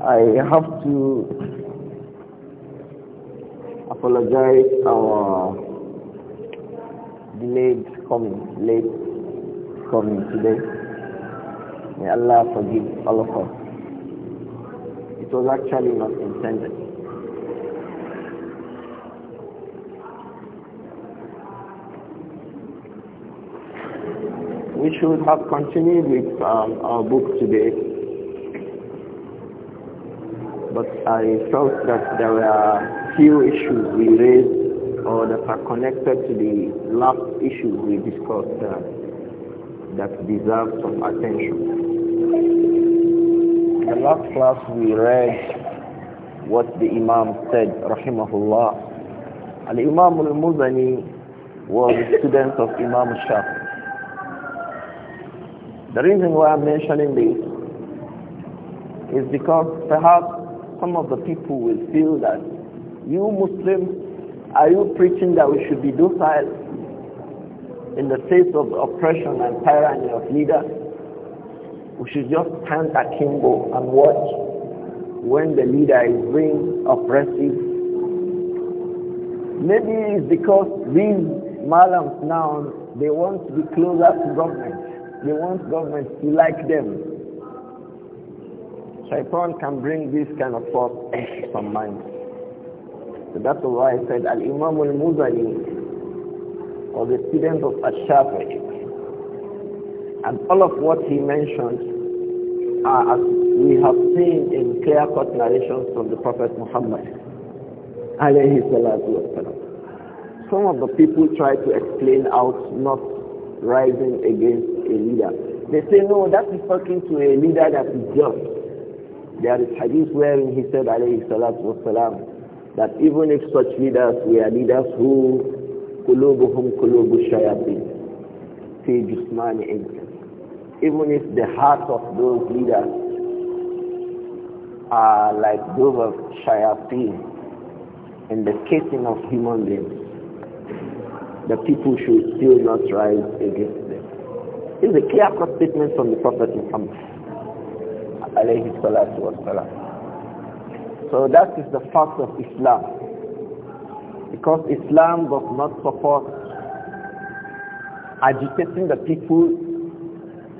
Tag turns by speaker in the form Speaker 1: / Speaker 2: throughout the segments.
Speaker 1: I have to apologize our delayed coming, late coming today. May Allah forgive all of us. It was actually not intended. We should have continued with um, our book today but I felt that there were few issues we raised or that are connected to the last issue we discussed uh, that deserve some attention. In the last class we read what the Imam said, rahimahullah. Al-Imam al-Muzani was a student of Imam Shah. The reason why I'm mentioning this is because perhaps some of the people will feel that you Muslims, are you preaching that we should be docile in the face of oppression and tyranny of leaders? We should just stand akimbo and watch when the leader is being oppressive. Maybe it's because these malams now, they want to be closer to government. They want government to like them. Shaitan can bring this kind of thought into some mind. So that's why I said Al-Imam Al-Muzani was a student of ash And all of what he mentioned are as we have seen in clear-cut narrations from the Prophet Muhammad alayhi salatu wasalam. Some of the people try to explain out not rising against a leader. They say, no, that is talking to a leader that is just. There is hadith wherein he said, alayhi salatu wasalam, that even if such leaders were leaders who قلوبهم kulubu Shayatin, في جسمان even if the hearts of those leaders are like those of Shayatin in the casing of human beings the people should still not rise against them. This is a clear-cut statement from the Prophet Muhammad alayhi salatu wasalam. So that is the fact of Islam. Because Islam does not support agitating the people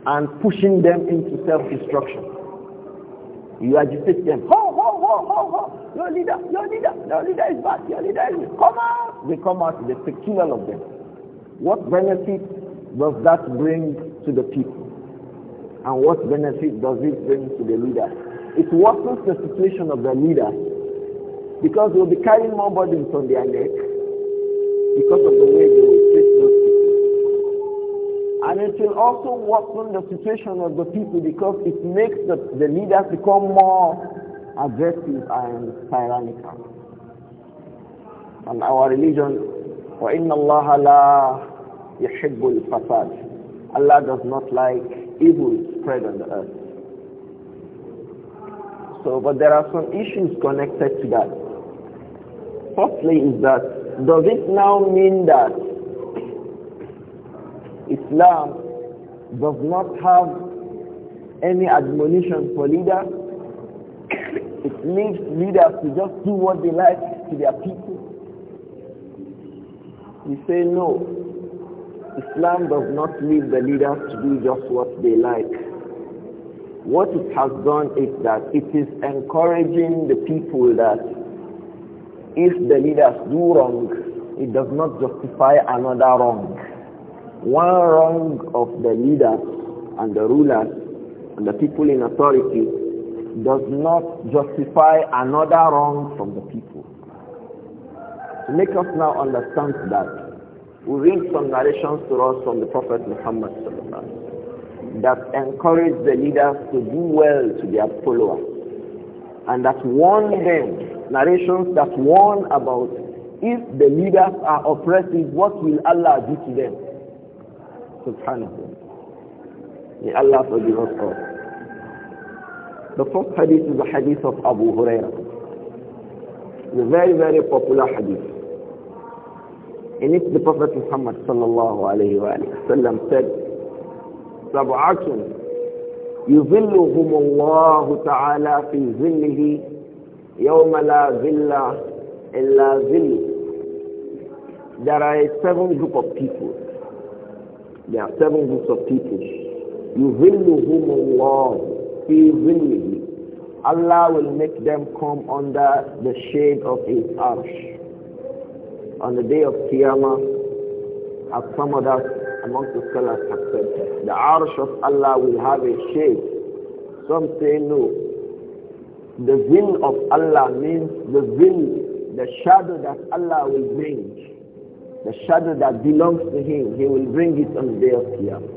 Speaker 1: and pushing them into self-destruction. You agitate them. Ho, ho, ho, ho, ho. Your leader, your leader, your leader is bad. Your leader is bad. Come out. They come out. They take killer of them. What benefit does that bring to the people? and what benefit does it bring to the leader? It worsens the situation of the leader because they'll be carrying more burdens on their neck because of the way they will treat those people. And it will also worsen the situation of the people because it makes the, the leaders become more aggressive and tyrannical. And our religion, وَإِنَّ اللَّهَ لَا يَحِبُّ الْفَسَادِ Allah does not like evil spread on the earth. So, but there are some issues connected to that. Firstly is that, does it now mean that Islam does not have any admonition for leaders? it leaves leaders to just do what they like to their people. We say no, Islam does not leave the leaders to do just what they like. What it has done is that it is encouraging the people that if the leaders do wrong, it does not justify another wrong. One wrong of the leaders and the rulers and the people in authority does not justify another wrong from the people. To make us now understand that we read some narrations to us from the Prophet Muhammad that encourage the leaders to do well to their followers and that warn them, narrations that warn about if the leaders are oppressive, what will Allah do to them? Subhanahu. May Allah forgive us all. The first hadith is the hadith of Abu Hurairah. The very, very popular hadith. In it, the Prophet Muhammad sallallahu alayhi wa sallam said, سبعة يظلهم الله تعالى في ظله يوم لا ظل إلا ظل There are seven group of people. There are seven groups of people. يظلهم الله في ظله Allah will make them come under the shade of His arsh on the day of Qiyamah, have some of us amongst the scholars the arsh of Allah will have a shape. Some say no. The will of Allah means the will, the shadow that Allah will bring. The shadow that belongs to Him, He will bring it on the day of Qiyamah.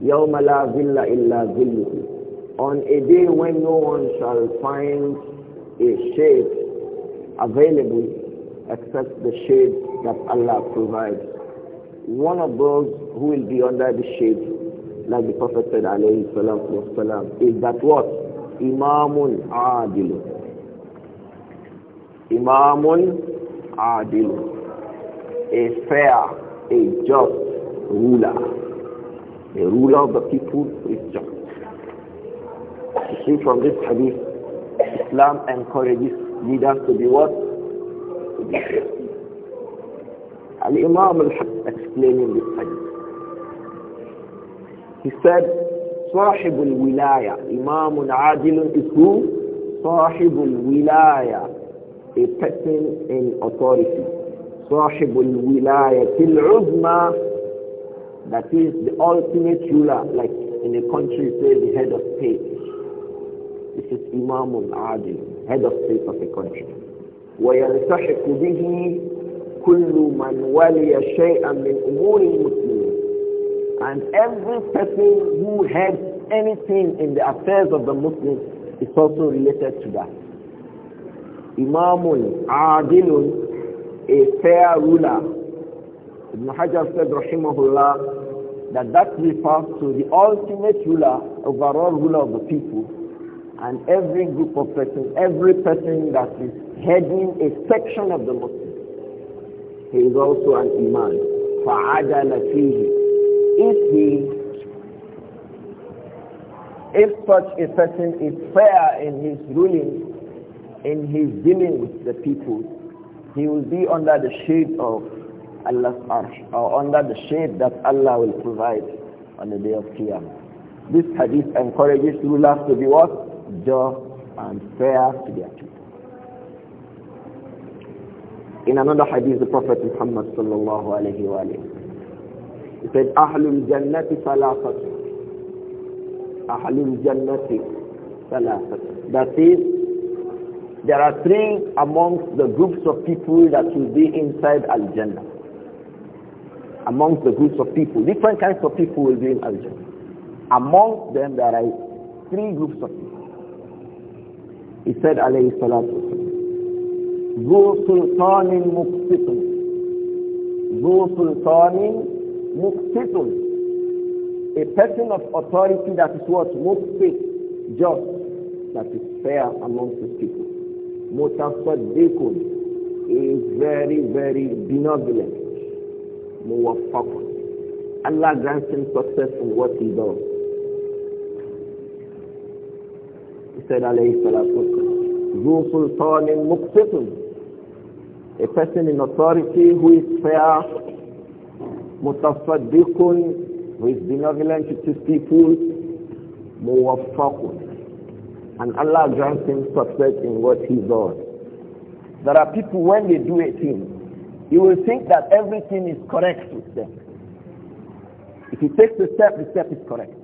Speaker 1: Yaum لَا ظِلَّ إِلَّا ظِلُّهُ On a day when no one shall find a shape available Accept the shade that Allah provides. One of those who will be under the shade, like the Prophet said alayhi salatu wasalam, is that what? Imamun Adil. Imamun Adil. A fair, a just ruler. a ruler of the people is just. You see from this hadith, Islam encourages leaders to be what? Al-Imam al-Haq explaining this hadith. He said, صاحب الولاية إمام عادل is who? صاحب الولاية a person in authority صاحب الولاية العظمى that is the ultimate ruler like in a country say the head of state this is Imam al-Adil head of state of a country ويلتحق به كل من ولي شيئا من أمور المسلمين and every person who has anything in the affairs of the Muslims is also related to that. Imamul Adilun, a fair ruler. Ibn Hajar said, Rahimahullah, that that refers to the ultimate ruler, overall ruler of the people, and every group of persons, every person that is heading a section of the Muslims. He is also an imam. فَعَدَلَ فِيهِ If he if such a person is fair in his ruling, in his dealing with the people, he will be under the shade of Allah's arsh, or under the shade that Allah will provide on the day of Qiyam. This hadith encourages rulers to be what? Just and fair to their people. In another hadith, the Prophet Muhammad sallallahu alayhi wa He said, Ahlul Jannati Salafat. Ahlul Jannati Salafat. That is, there are three amongst the groups of people that will be inside Al-Jannah. Amongst the groups of people, different kinds of people will be in Al-Jannah. Among them, there are three groups of people. He said, alayhi salatu ذو سلطان مقسط ذو سلطان مقسط a person of authority that is what مقسط just that is fair amongst his people متصدق is very very benevolent موفق Allah grants him success in what he does said alayhi salatu ذو سلطان مقسط a person in authority who is fair, mutasaddiqun, who is benevolent to people, muwaffaqun. And Allah grants him success in what he does. There are people when they do a thing, you will think that everything is correct with them. If he takes a step, the step is correct.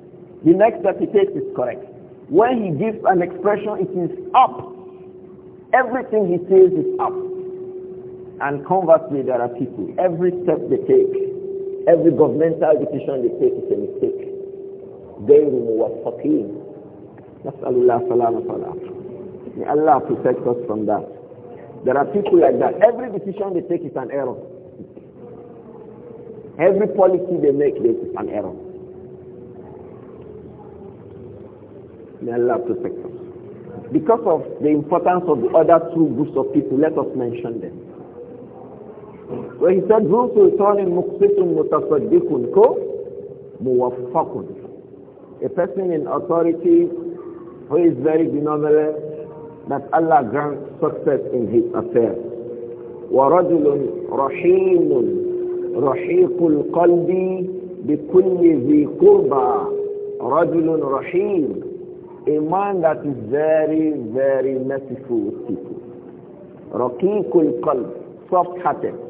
Speaker 1: The next step he takes is correct. When he gives an expression, it is up. Everything he says is up. And conversely, there are people, every step they take, every governmental decision they take is a mistake. They were fucking. That's سلامة May Allah protect us from that. There are people like that. Every decision they take is an error. Every policy they make is an error. May Allah protect us. Because of the importance of the other two groups of people, let us mention them. Well, he said, مقصد متصدق كو موفق A person in authority who is very benevolent, that Allah grants success in his affairs. ورجل رحيم رحيق القلب بكل ذي قربى رجل رحيم a man that is very very merciful with people رقيق القلب soft hearted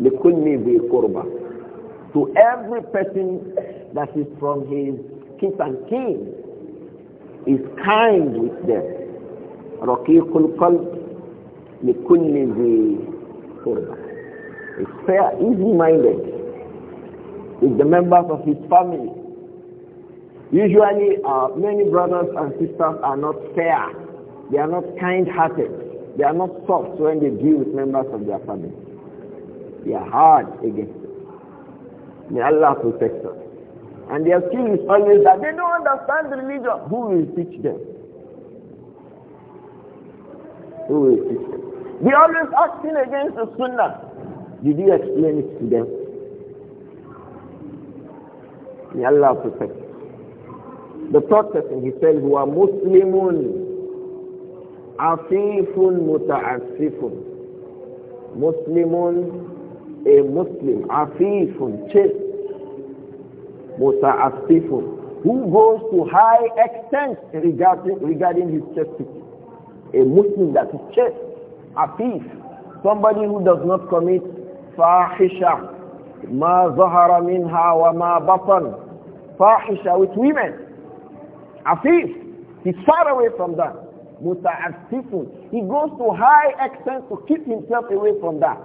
Speaker 1: لكل ذي قربة to every person that is from his kith and kin is kind with them رقيق القلب لكل ذي قربة is fair easy minded with the members of his family usually uh, many brothers and sisters are not fair they are not kind hearted they are not soft when they deal with members of their family they are hard against us. May Allah protect us. And their skill is always that they don't understand the religion. Who will teach them? Who will teach them? They always acting against the sunnah. Did you explain it to them? May Allah protect us. The Prophet person, he said, who are Muslimun, afifun muta'asifun, Muslimun a Muslim, afifun, chaste, muta'affifun, who goes to high extent regarding, regarding his chastity. A Muslim that is a afif, somebody who does not commit fahisha, ma zahara minha wa ma batan, fahisha with women, afif, he's far away from that. Muta'affifun, he goes to high extent to keep himself away from that.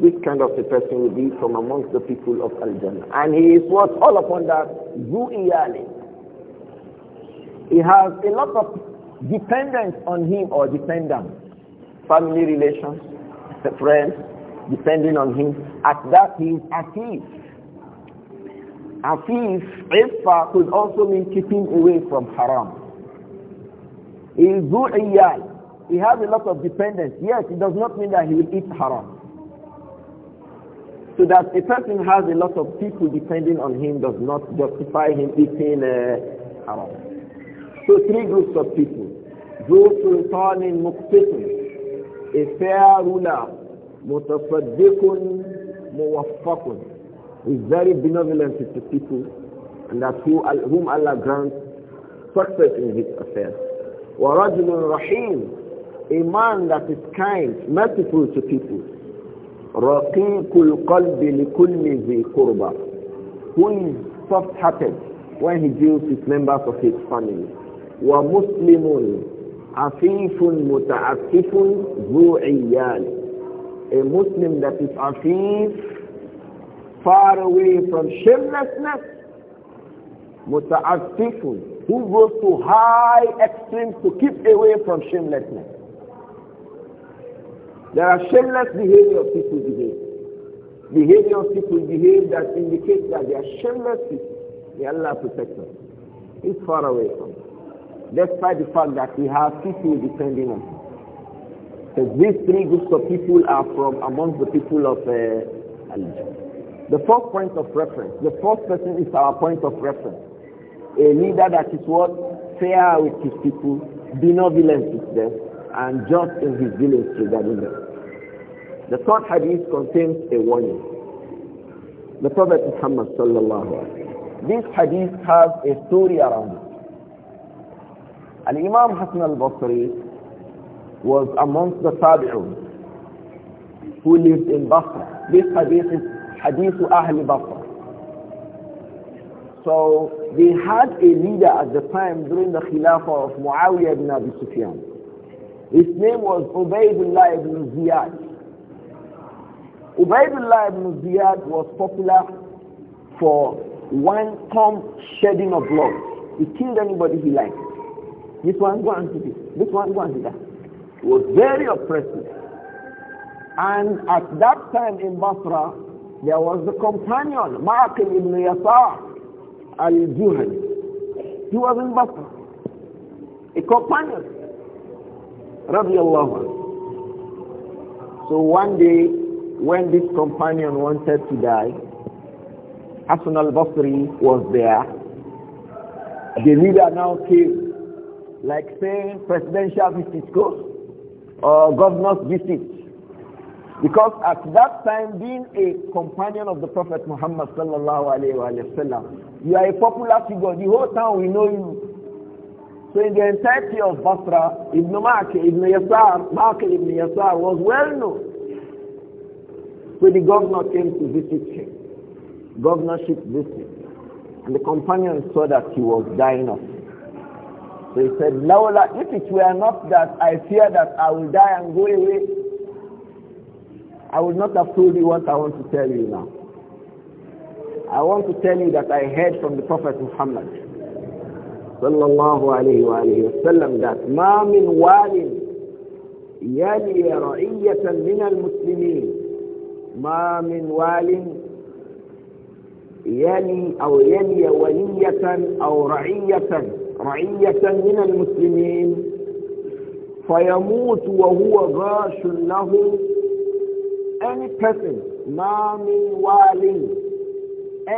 Speaker 1: This kind of a person will be from amongst the people of Al-Jannah. And he is what? All upon that, Zu He has a lot of dependence on him or dependent. Family relations, friends, depending on him. At that he is active. Afif, Ifa could also mean keeping away from haram. He is Zu'iyal. He has a lot of dependence. Yes, it does not mean that he will eat haram. So that a person has a lot of people depending on him does not justify him eating uh, haram. So three groups of people. Those who turn in muqtisun, a fair ruler, mutasaddiqun, muwaffaqun, is very benevolent to people and that who, whom Allah grants success in his affairs. وَرَجُلٌ rahim, a man that is kind, merciful to people. Raqiqul qalbi likulli zi qurba. Who is soft-hearted when he deals with members of his family. Wa muslimun afifun muta'affifun zu A Muslim that is afif, far away from shamelessness, muta'affifun, who goes to high extremes to keep away from shamelessness. There are shameless behavior of people behave. Behavior of people behave that indicates that they are shameless people. May Allah protect us. It's far away from us. Despite the fact that we have people depending on us. these three groups of people are from among the people of uh, The fourth point of reference, the fourth person is our point of reference. A leader that is what? Fair with his people, benevolent with them, and just in his village regarding them. The third hadith contains a warning. The Prophet Muhammad sallallahu This hadith has a story around it. And Imam Hassan al-Basri was amongst the Tabi'un who lived in Basra. This hadith is Hadith Ahli Basra. So they had a leader at the time during the Khilafah of Muawiyah ibn Abi Sufyan. His name was Ubaidullah ibn Ziyad. Ubaidullah ibn Ziyad was popular for one thumb shedding of blood. He killed anybody he liked. This one, go and do this. This one, go and do that. He was very oppressive. And at that time in Basra, there was the companion, Ma'aqil ibn Yasar al-Juhani. He was in Basra. A companion radiallahu So one day, when this companion wanted to die, Hassan al-Basri was there. The leader now came, like saying presidential visit goes, or governor's visit. Because at that time, being a companion of the Prophet Muhammad sallallahu alaihi wa sallam, you are a popular figure. The whole town will know you. So in the entirety of Basra, Ibn Ma'ki, Ibn Yasar, Ma'ki Ibn Yasar was well known. So the governor came to visit him. Governorship visit. And the companion saw that he was dying of it. So he said, Laula, if it were not that I fear that I will die and go away, I would not have told you what I want to tell you now. I want to tell you that I heard from the Prophet Muhammad صلى الله عليه وآله وسلم ذات ما من وال يلي رعية من المسلمين ما من وال يلي أو يلي ولية أو رعية رعية من المسلمين فيموت وهو غاش له any person ما من وال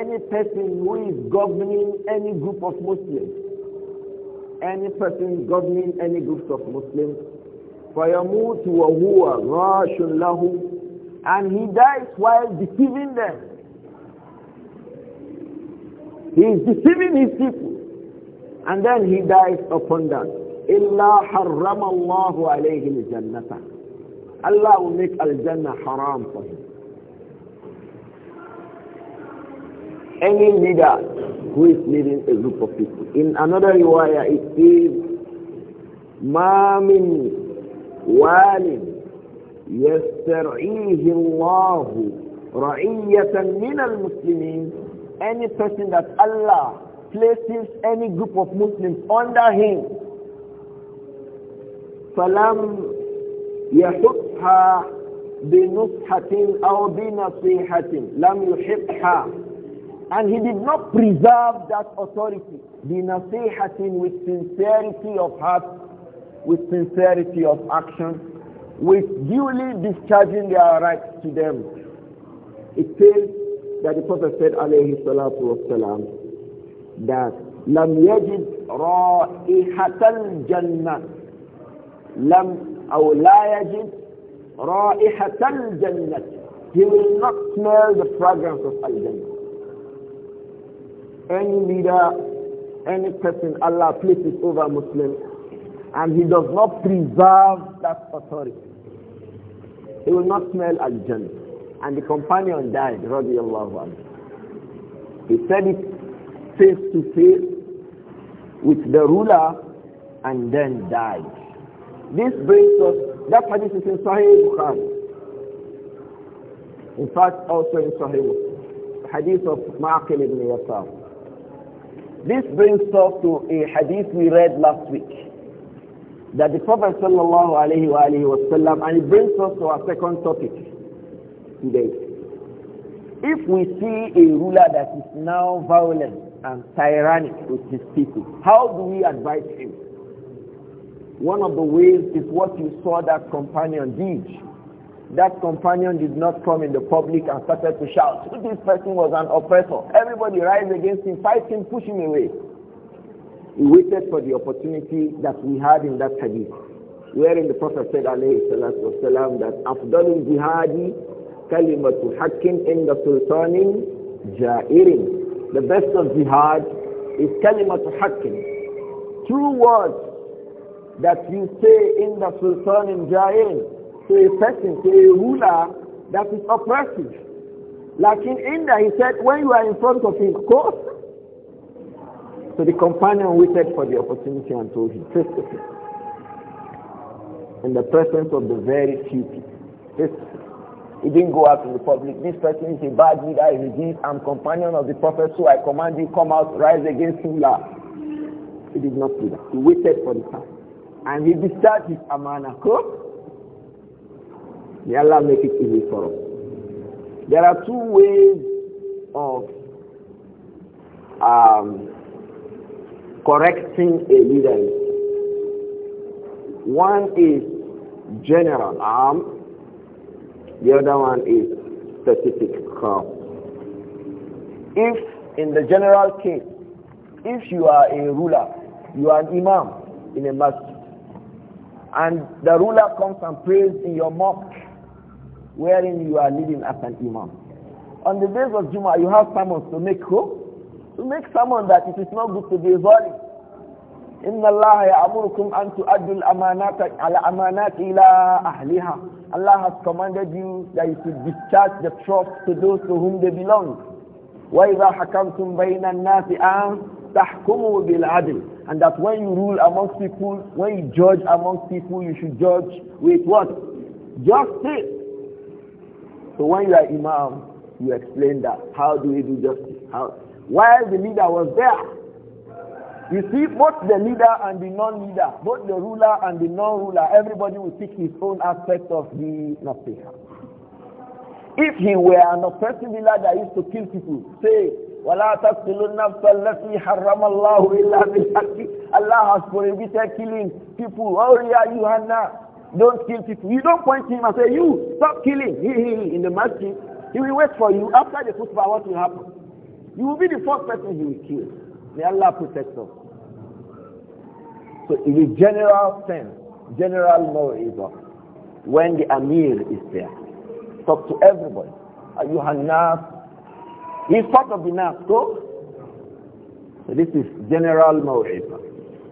Speaker 1: any person who is governing any group of Muslims any person governing any groups of Muslims, فَيَمُوتُ وَهُوَ غَاشٌ لَهُ, And he dies while deceiving them. He is deceiving his people. And then he dies upon that. إِلَّا حَرَّمَ اللَّهُ عَلَيْهِ الْجَنَّةَ Allah will make Al-Jannah haram for him. Any leader who is leading a group of people. In another riwayah it says, ما من وال يسترعيه الله min من المسلمين any person that Allah places any group of Muslims under him فلم يحطها بنصحة أو بنصيحة لم يحبها. And he did not preserve that authority. The with sincerity of heart, with sincerity of action, with duly discharging their rights to them. It says that the Prophet said, alayhi salatu wasalam, that لم يجد رائحة الجنة لم أو لا يجد رائحة الجنة He will not smell the fragrance of Al-Jannah any leader, any person Allah places over Muslims, and he does not preserve that authority, he will not smell al-jannah. And the companion died, radiallahu anhu. He said it face to face with the ruler and then died. This brings us, that hadith is in Sahih Bukhari. In fact, also in Sahih Bukhari. Hadith of Maakil ibn Yasar. This brings us to a hadith we read last week. That the Prophet sallallahu alaihi wa wasallam, and it brings us to our second topic today. If we see a ruler that is now violent and tyrannic with his people, how do we advise him? One of the ways is what you saw that companion did that companion did not come in the public and started to shout, this person was an oppressor. Everybody rise against him, fight him, push him away. He waited for the opportunity that we had in that hadith, wherein the Prophet said, alayhi salatu wasalam, that afdalul jihadi kalimatu in the sultanin jairin. The best of jihad is kalimatu hakim, True words that you say in the sultanin jairin to a person, to a ruler that is oppressive. Like in India, he said, when you are in front of him, go. So the companion waited for the opportunity until he faced the face. In the presence of the very few people. He didn't go out in the public. This person is a bad leader, he's this. I'm companion of the prophet, so I command you, come out, rise against him, laugh. He did not do that. He waited for the time. And he discharged his amana. Cool? May Allah make it easy for us. There are two ways of um, correcting a leader. One is general arm, the other one is specific If in the general case, if you are a ruler, you are an imam in a mosque, and the ruler comes and prays in your mosque, wherein you are leading as an imam. On the days of Juma, you have summons to make who? To make someone that it is not good to be zalim. إن الله يأمركم أن تؤدوا Amanat على Amanat ila أهلها. Allah has commanded you that you should discharge the trust to those to whom they belong. وَإِذَا حَكَمْتُمْ بَيْنَ النَّاسِ أَنْ bil Adil. And that when you rule amongst people, when you judge amongst people, you should judge with what? Justice. So when you are imam, you explain that. How do we do justice? How? While the leader was there, you see, both the leader and the non-leader, both the ruler and the non-ruler, everybody will pick his own aspect of the nothing. If he were an oppressive leader that used to kill people, say, وَلَا تَقْتُلُوا النَّفْسَ الَّتِي حَرَّمَ اللَّهُ إِلَّا بِالْحَقِّ Allah has prohibited killing people. Oh yeah, Yuhanna, don't kill people. You don't point to him and say, you, stop killing. He, he, he, in the masjid. He will wait for you. After the khutbah, what will happen? You will be the first person he will kill. May Allah protect us. So in the general sense, general moreover, when the Amir is there, talk to everybody. Are you Hanaf? He's part of the Nas, so, so this is general moreover.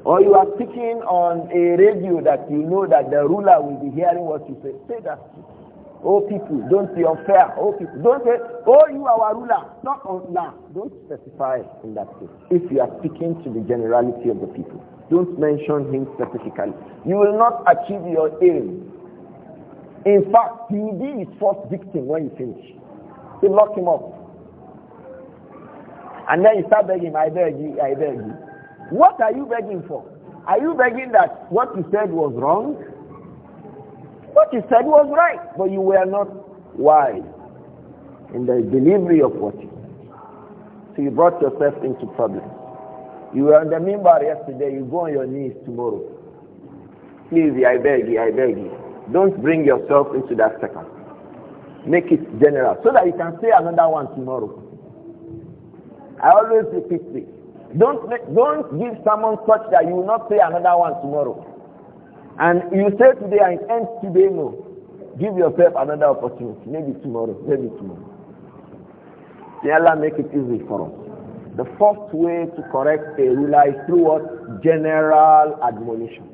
Speaker 1: Or you are speaking on a radio that you know that the ruler will be hearing what you say. Say that. Oh people, don't be unfair. Oh people, don't say, oh you are our ruler. Not on Don't specify in that case. If you are speaking to the generality of the people, don't mention him specifically. You will not achieve your aim. In fact, he will be his first victim when you finish. You lock him up. And then you start begging, I beg you, I beg you. What are you begging for? Are you begging that what you said was wrong? What you said was right, but you were not wise in the delivery of what you said. So you brought yourself into problems. You were on the mimbar yesterday, you go on your knees tomorrow. Please, I beg you, I beg you. Don't bring yourself into that second. Make it general so that you can say another one tomorrow. I always repeat this. Don't, make, don't give someone such that you will not pay another one tomorrow. And you say today and end today, no. Give yourself another opportunity. Maybe tomorrow, maybe tomorrow. May Allah make it easy for us. The first way to correct a ruler is through what? General admonition.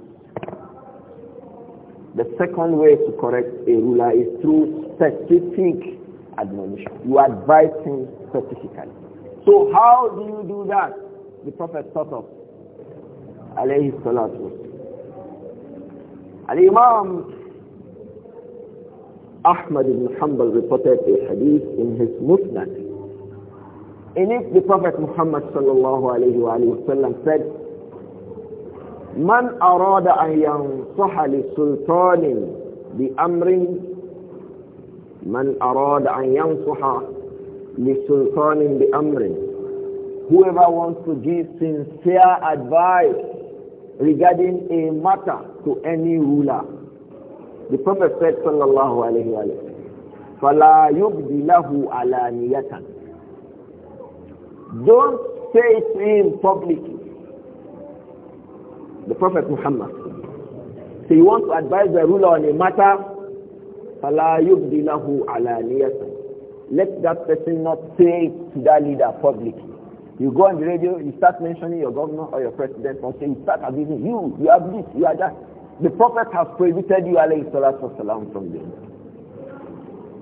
Speaker 1: The second way to correct a ruler is through specific admonition. You advise him specifically. So how do you do that? the Prophet taught us. Alayhi salatu. Al-Imam Ahmad ibn Hanbal reported a hadith in his Musnad. In it, the Prophet Muhammad sallallahu alayhi wa sallam said, من أراد أن ينصح لسلطان بأمر من أراد أن ينصح لسلطان بأمر Whoever wants to give sincere advice regarding a matter to any ruler, the Prophet said, sallallahu alayhi wa sallam, فَلَا عَلَانِيَةً Don't say it in publicly. The Prophet Muhammad. So you want to advise the ruler on a matter, فَلَا يُبْدِ لَهُ عَلَانِيَةً Let that person not say it to that leader publicly. You go on the radio, you start mentioning your governor or your president, or say you start abusing you, you have this, you are that. The Prophet has prohibited you, alayhi salatu wasalam, from them.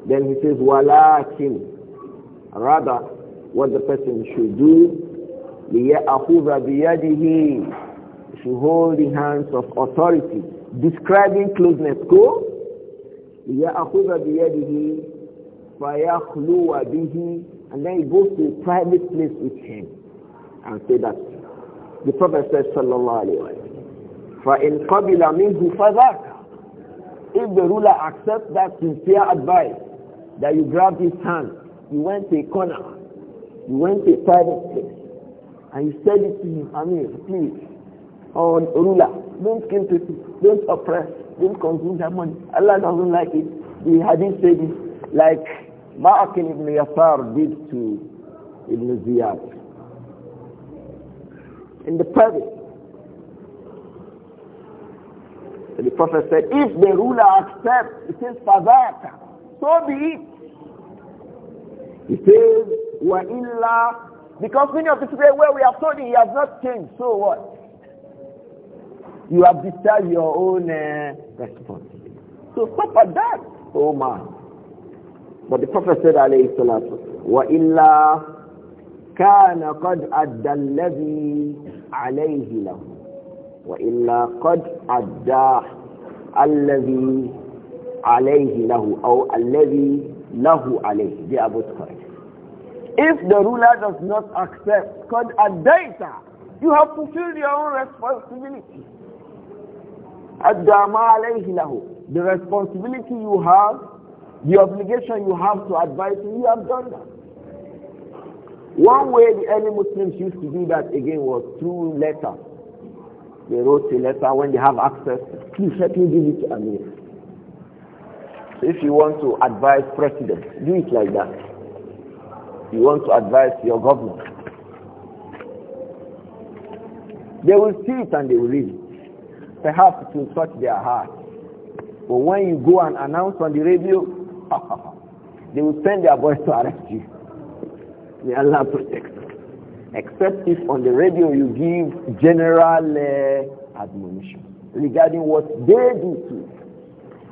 Speaker 1: Then he says, walakin. Rather, what the person should do, لِيَأَخُذَ biyadihi, should hold the hands of authority. Describing closeness, go. لِيَأَخُذَ biyadihi, فَيَخْلُوَ bihi. And then he goes to a private place with him and say that the Prophet says, Sallallahu Alaihi Wasallam, فَإِنْ قَبِلَ مِنْهُ فَذَاكَ If the ruler accepts that sincere advice, that you grab his hand, you went to a corner, you went to a private place, and you said it to him, Amir, please, oh ruler, don't kill people, don't oppress, don't consume their money. Allah doesn't like it. The hadith said it like Maakin ibn Yasar did to Ibn Ziyad. In the private. The Prophet said, if the ruler accepts, it is fadaka. So be it. He says, wa illa, because many of the people where we have told him, he has not changed. So what? You have discharged your own uh, responsibility. So stop at that, oh man. But the Prophet said, alayhi salatu, Wa illa قَدْ أَدَّى الَّذِي عَلَيْهِ لَهُ وَإِلَّا قَدْ أَدَّى الَّذِي عَلَيْهِ لَهُ أو الَّذِي لَهُ عَلَيْهِ They are both correct. If the ruler does not accept قَدْ أَدَّيْتَ You have to fulfilled your own responsibility. أَدَّى مَا عَلَيْهِ لَهُ The responsibility you have the obligation you have to advise him, you have done that. One way the early Muslims used to do that again was through letter. They wrote a letter when they have access. Please help me give it to Amir. So if you want to advise president, do it like that. You want to advise your governor. They will see it and they will read it. Perhaps it will touch their heart. But when you go and announce on the radio, they will send their boys to arrest you. May Allah protect you. Except if on the radio you give general uh, admonition regarding what they do to you.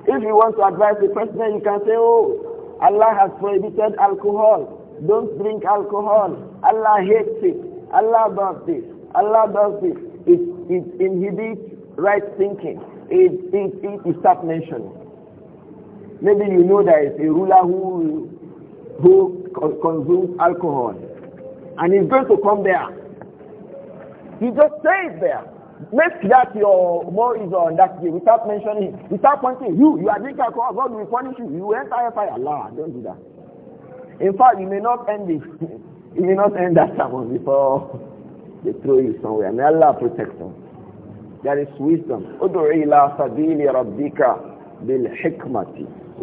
Speaker 1: If you want to advise the president, you can say, oh, Allah has prohibited alcohol. Don't drink alcohol. Allah hates it. Allah does this. Allah does this. It, it inhibits right thinking. It, it, it, you start mentioning. Maybe you know there is a ruler who, who consumes alcohol and he's going to come there. He just stays there. Make that your is on that day without mentioning, him. without pointing, you, you are drinking alcohol, God will punish you. You enter a fire. Allah, don't do that. In fact, you may not end it. you may not end that sermon before they throw you somewhere. May Allah protect them. That is wisdom. Udu'i sabili بالحكمة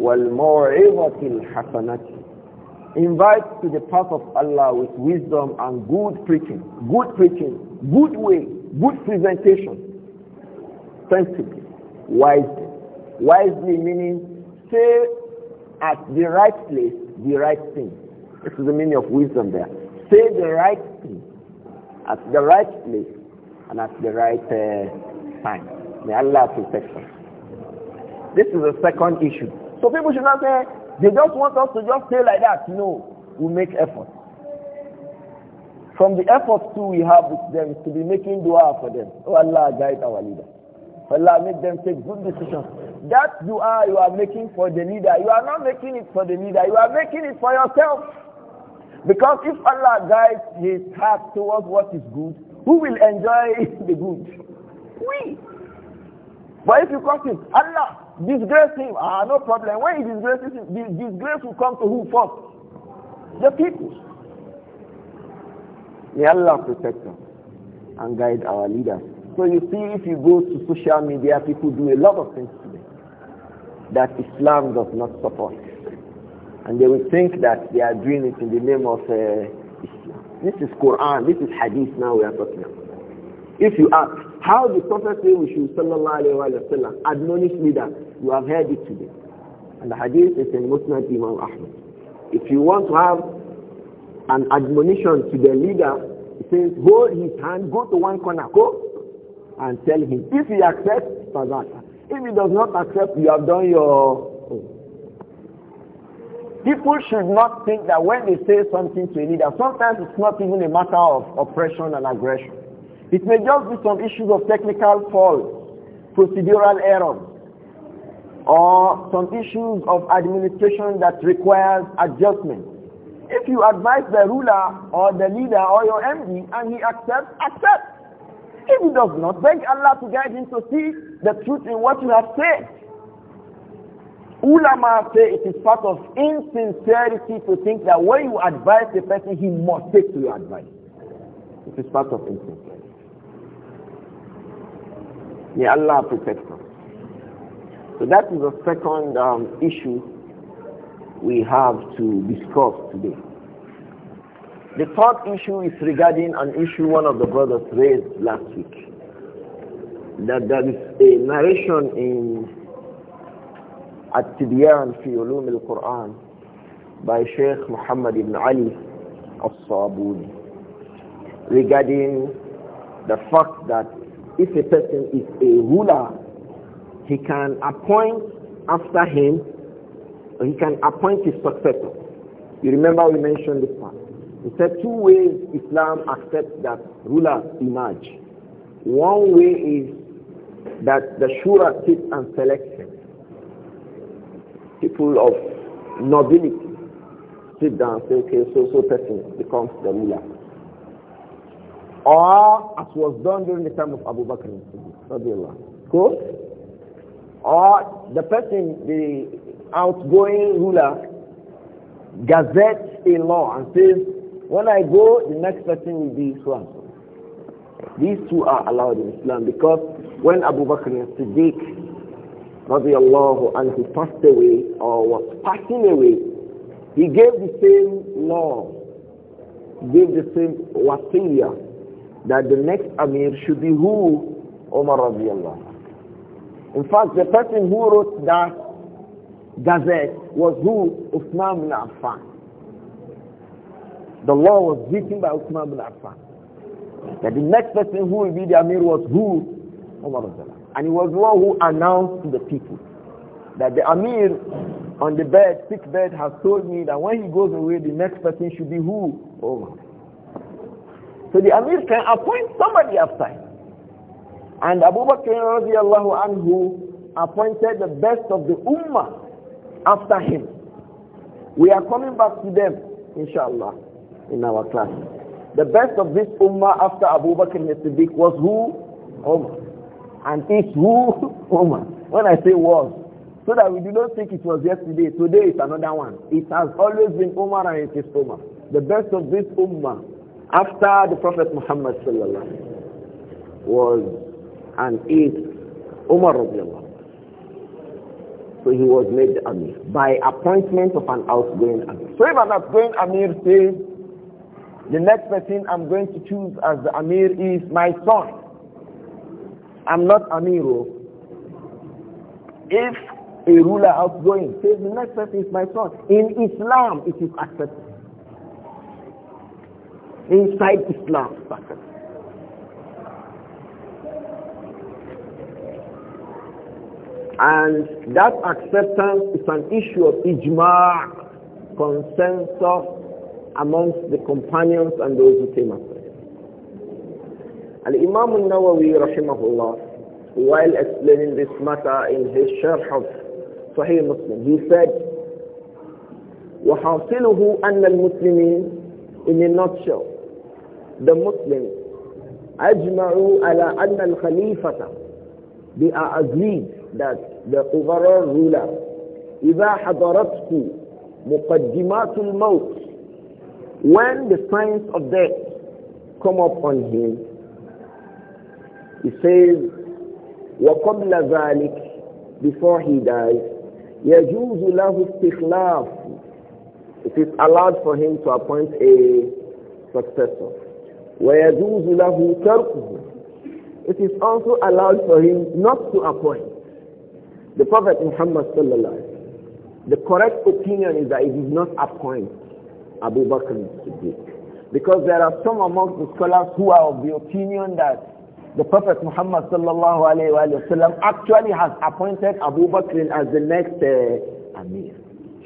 Speaker 1: والموعظة الحسنة invite to the path of Allah with wisdom and good preaching good preaching good way good presentation sensibly wisely wisely meaning say at the right place the right thing this is the meaning of wisdom there say the right thing at the right place and at the right uh, time may Allah protect us this is the second issue. So people should not say, they just want us to just stay like that. No, we make effort. From the effort too we have with them to be making dua for them. Oh Allah, guide our leader. Allah, make them take good decisions. That dua you are making for the leader, you are not making it for the leader, you are making it for yourself. Because if Allah guides his heart towards what is good, who will enjoy the good? We. But if you cause it, Allah disgrace him. Ah, no problem. When he disgraces him, the disgrace will come to who first? The people. May Allah protect us and guide our leaders. So you see, if you go to social media, people do a lot of things today that Islam does not support. And they will think that they are doing it in the name of uh, Islam. This is Quran, this is Hadith now we are talking about. If you ask, how the Prophet say we should sallallahu alayhi wa sallam admonish me that you have heard it today. And the hadith is in Musnad Imam Ahmad. If you want to have an admonition to the leader, he says hold his hand, go to one corner, go and tell him. If he accepts, fazaka. If he does not accept, you have done your own. People should not think that when they say something to a leader, sometimes it's not even a matter of oppression and aggression. It may just be some issues of technical fault, procedural errors, or some issues of administration that requires adjustment. If you advise the ruler or the leader or your MD and he accepts, accept. If he does not, beg Allah to guide him to see the truth in what you have said. Ulama say it is part of insincerity to think that when you advise a person, he must take to your advice. It is part of insincerity. May Allah protect us. So that is the second um, issue we have to discuss today. The third issue is regarding an issue one of the brothers raised last week. That there is a narration in fi Ulum al-Quran by Sheikh Muhammad ibn Ali al-Sabuni regarding the fact that if a person is a ruler, he can appoint after him, he can appoint his successor. You remember we mentioned this part. He said two ways Islam accepts that rulers emerge. One way is that the shura sits and selects People of nobility sit down and say, okay, so so person becomes the ruler. Or as was done during the time of Abu Bakr Cool? Or the person, the outgoing ruler, gazettes a law and says, when I go, the next person will be so and These two are allowed in Islam because when Abu Bakr as-Siddiq radiallahu anhu passed away or was passing away, he gave the same law, gave the same wasiyah that the next Amir should be who? Umar radiallahu In fact, the person who wrote that gazette was who? Uthman bin Affan. The law was written by Uthman bin Affan. That the next person who will be the Amir was who? Umar radiallahu And it was the one who announced to the people that the Amir on the bed, sick bed, has told me that when he goes away, the next person should be who? Umar. So the Amir can appoint somebody after him. And Abu Bakr radiallahu anhu appointed the best of the Ummah after him. We are coming back to them, inshallah, in our class. The best of this Ummah after Abu Bakr Siddiq was who? Umar. And it's who? Umar. When I say was, so that we do not think it was yesterday, today is another one. It has always been Umar and it is Umar. The best of this Ummah after the Prophet Muhammad sallallahu was and eighth Umar radiallahu so he was made Amir by appointment of an outgoing Amir. So if an outgoing Amir says, the next person I'm going to choose as the Amir is my son. I'm not Amir. Oh. If a ruler outgoing says the next person is my son, in Islam it is accepted inside Islam. And that acceptance is an issue of ijma' consensus amongst the companions and those who came after him. imam al-Nawawi rahimahullah, while explaining this matter in his Sharh of Sahih Muslim, he said, وحاصله أن المسلمين in a nutshell the Muslims, أجمعوا على أن الخليفة they are agreed that the overall ruler إذا حضرته مقدمات الموت when the signs of death come upon him he says وقبل ذلك before he dies يجوز له استخلاف it is allowed for him to appoint a successor وَيَجُوزُ لَهُ تَرْكُهُ It is also allowed for him not to appoint. The Prophet Muhammad sallallahu The correct opinion is that he did not appoint Abu Bakr Siddiq. Because there are some amongst the scholars who are of the opinion that the Prophet Muhammad sallallahu alayhi wa actually has appointed Abu Bakr as the next uh, Amir.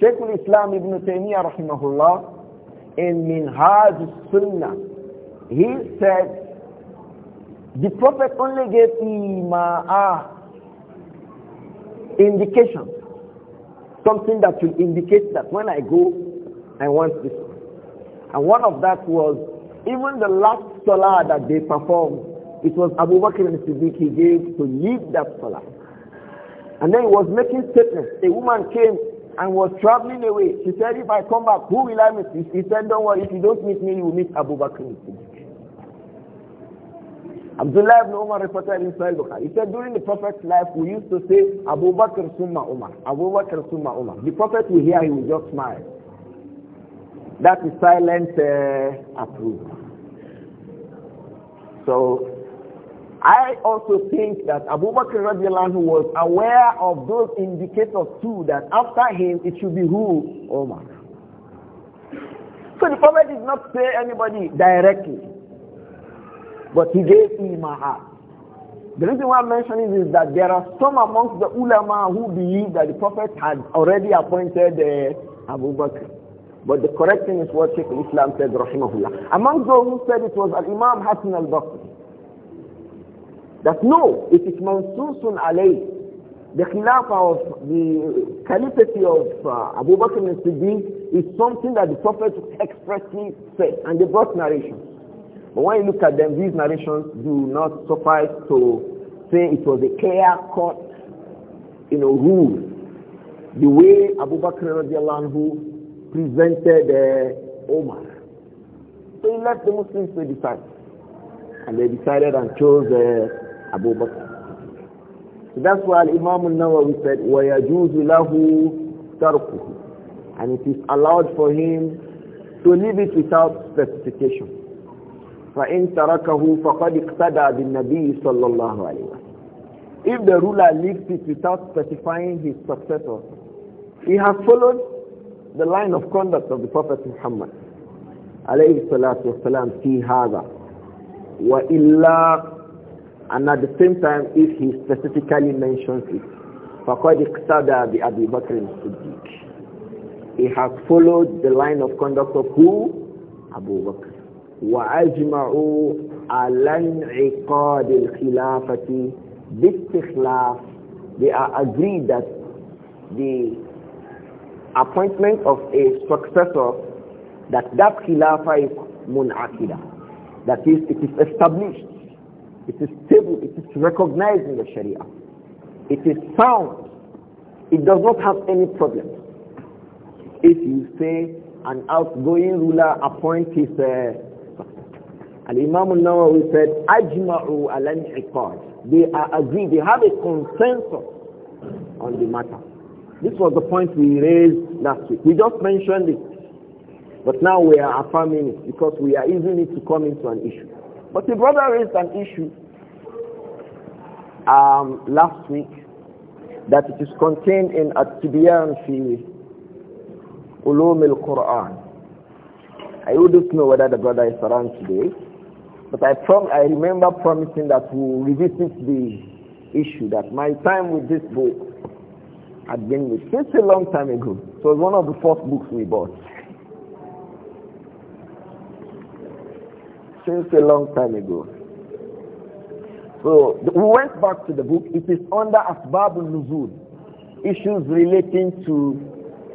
Speaker 1: Shaykh al-Islam ibn Taymiyyah rahimahullah in Minhaj sunnah he said, the Prophet only gave ima'ah, indication, something that will indicate that when I go, I want this. And one of that was, even the last salah that they performed, it was Abu Bakr and Siddiq he gave to lead that salah. And then he was making statements. A woman came and was traveling away. She said, if I come back, who will I meet? He said, don't worry, if you don't meet me, you will meet Abu Bakr and Siddiq. Abdullah ibn Umar reported in Sahih Bukhari. He said, during the Prophet's life, we used to say, Abu Bakr summa Umar. Abu Bakr summa Umar. The Prophet will hear, he will just smile. That is silent uh, approval. So, I also think that Abu Bakr radiallahu was aware of those indicators too, that after him, it should be who? Umar. So the Prophet did not say anybody directly. But he gave Imaha. The reason why I'm mentioning this is that there are some amongst the ulama who believe that the Prophet had already appointed uh, Abu Bakr. But the correct thing is what Sheikh Islam said, Rahimahullah. Among those who said it was Al-Imam Hassan al-Basri. That no, it is Mansusun alayh. The Khilafah of the Caliphate of uh, Abu Bakr al-Siddiq is something that the Prophet expressly said. And they brought narrations. But when you look at them, these narrations do not suffice to say it was a clear-cut you know, rule. The way Abu Bakr anhu presented uh, Omar. So he left the Muslims to decide. And they decided and chose uh, Abu Bakr. So that's why Imam al-Nawawi said, وَيَجُوزُ لَهُ تَرْكُهُ And it is allowed for him to leave it without specification. فَإِن تَرَكَهُ فَقَدْ اِقْتَدَى بِالنَّبِيِّ صَلَّى اللَّهُ عَلَيْهِ وَسَلَّمَ If the ruler leaves it without specifying his successor, he has followed the line of conduct of the Prophet Muhammad alayhi salatu wasalam fi hadha wa illa and at the same time if he specifically mentions it faqad iqtada bi abi bakr siddiq he has followed the line of conduct of who abu bakr وأجمعوا على انعقاد الخلافة باستخلاف they are agreed that the appointment of a successor that that khilafah is munakida that is it is established it is stable it is recognized in the sharia it is sound it does not have any problems if you say an outgoing ruler appoints his uh, Al-Imam al-Nawawi said, Ajma'u al-in'iqad. They are agreed, they have a consensus on the matter. This was the point we raised last week. We just mentioned it. But now we are affirming it because we are using it to come into an issue. But the brother raised an issue um, last week that it is contained in at tibiyan fi Ulum al-Quran. I wouldn't know whether the brother is around today. But I, prom I remember promising that we'll revisit the issue, that my time with this book had been with since a long time ago. So it was one of the first books we bought. Since a long time ago. So we went back to the book. It is under Asbab nuzul issues relating to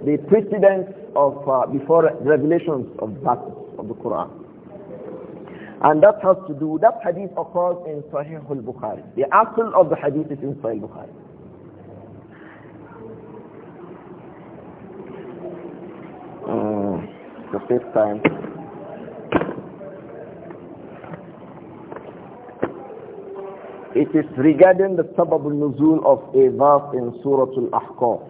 Speaker 1: the precedence of uh, before revelations of that of the Quran. And that has to do, that hadith occurs in Sahih al-Bukhari. The actual of the hadith is in Sahih al-Bukhari. Uh, the fifth time. It is regarding the sabab al-nuzul of a verse in Surah Al-Ahqaf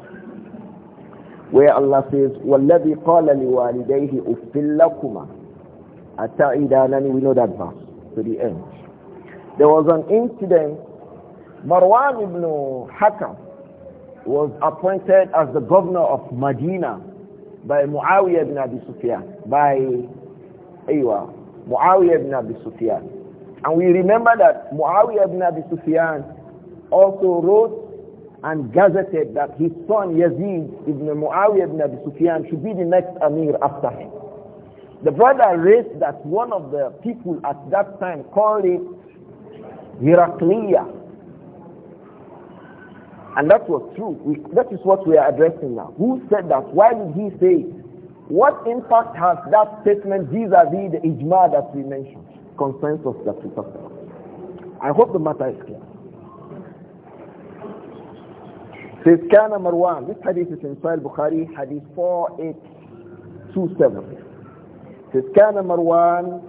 Speaker 1: where Allah says, وَالَّذِي قَالَ لِوَالِدَيْهِ أُفِلَّكُمَا." Atta'idanani, we know that verse to the end. There was an incident. Marwan ibn Hakam was appointed as the governor of Medina by Muawiyah ibn Abi Sufyan, by Aywa, Muawiyah ibn Abi Sufyan. And we remember that Muawiyah ibn Abi Sufyan also wrote and gazetted that his son Yazid ibn Muawiyah ibn Abi Sufyan should be the next Amir after him. The brother raised that one of the people at that time called it Heraclea. And that was true. We, that is what we are addressing now. Who said that? Why did he say it? What impact has that statement vis-a-vis the ijma that we mentioned, consensus that we talked about? I hope the matter is clear. Says Kana Marwan. This hadith is in Sahih Bukhari, hadith 4827. إذ كان مروان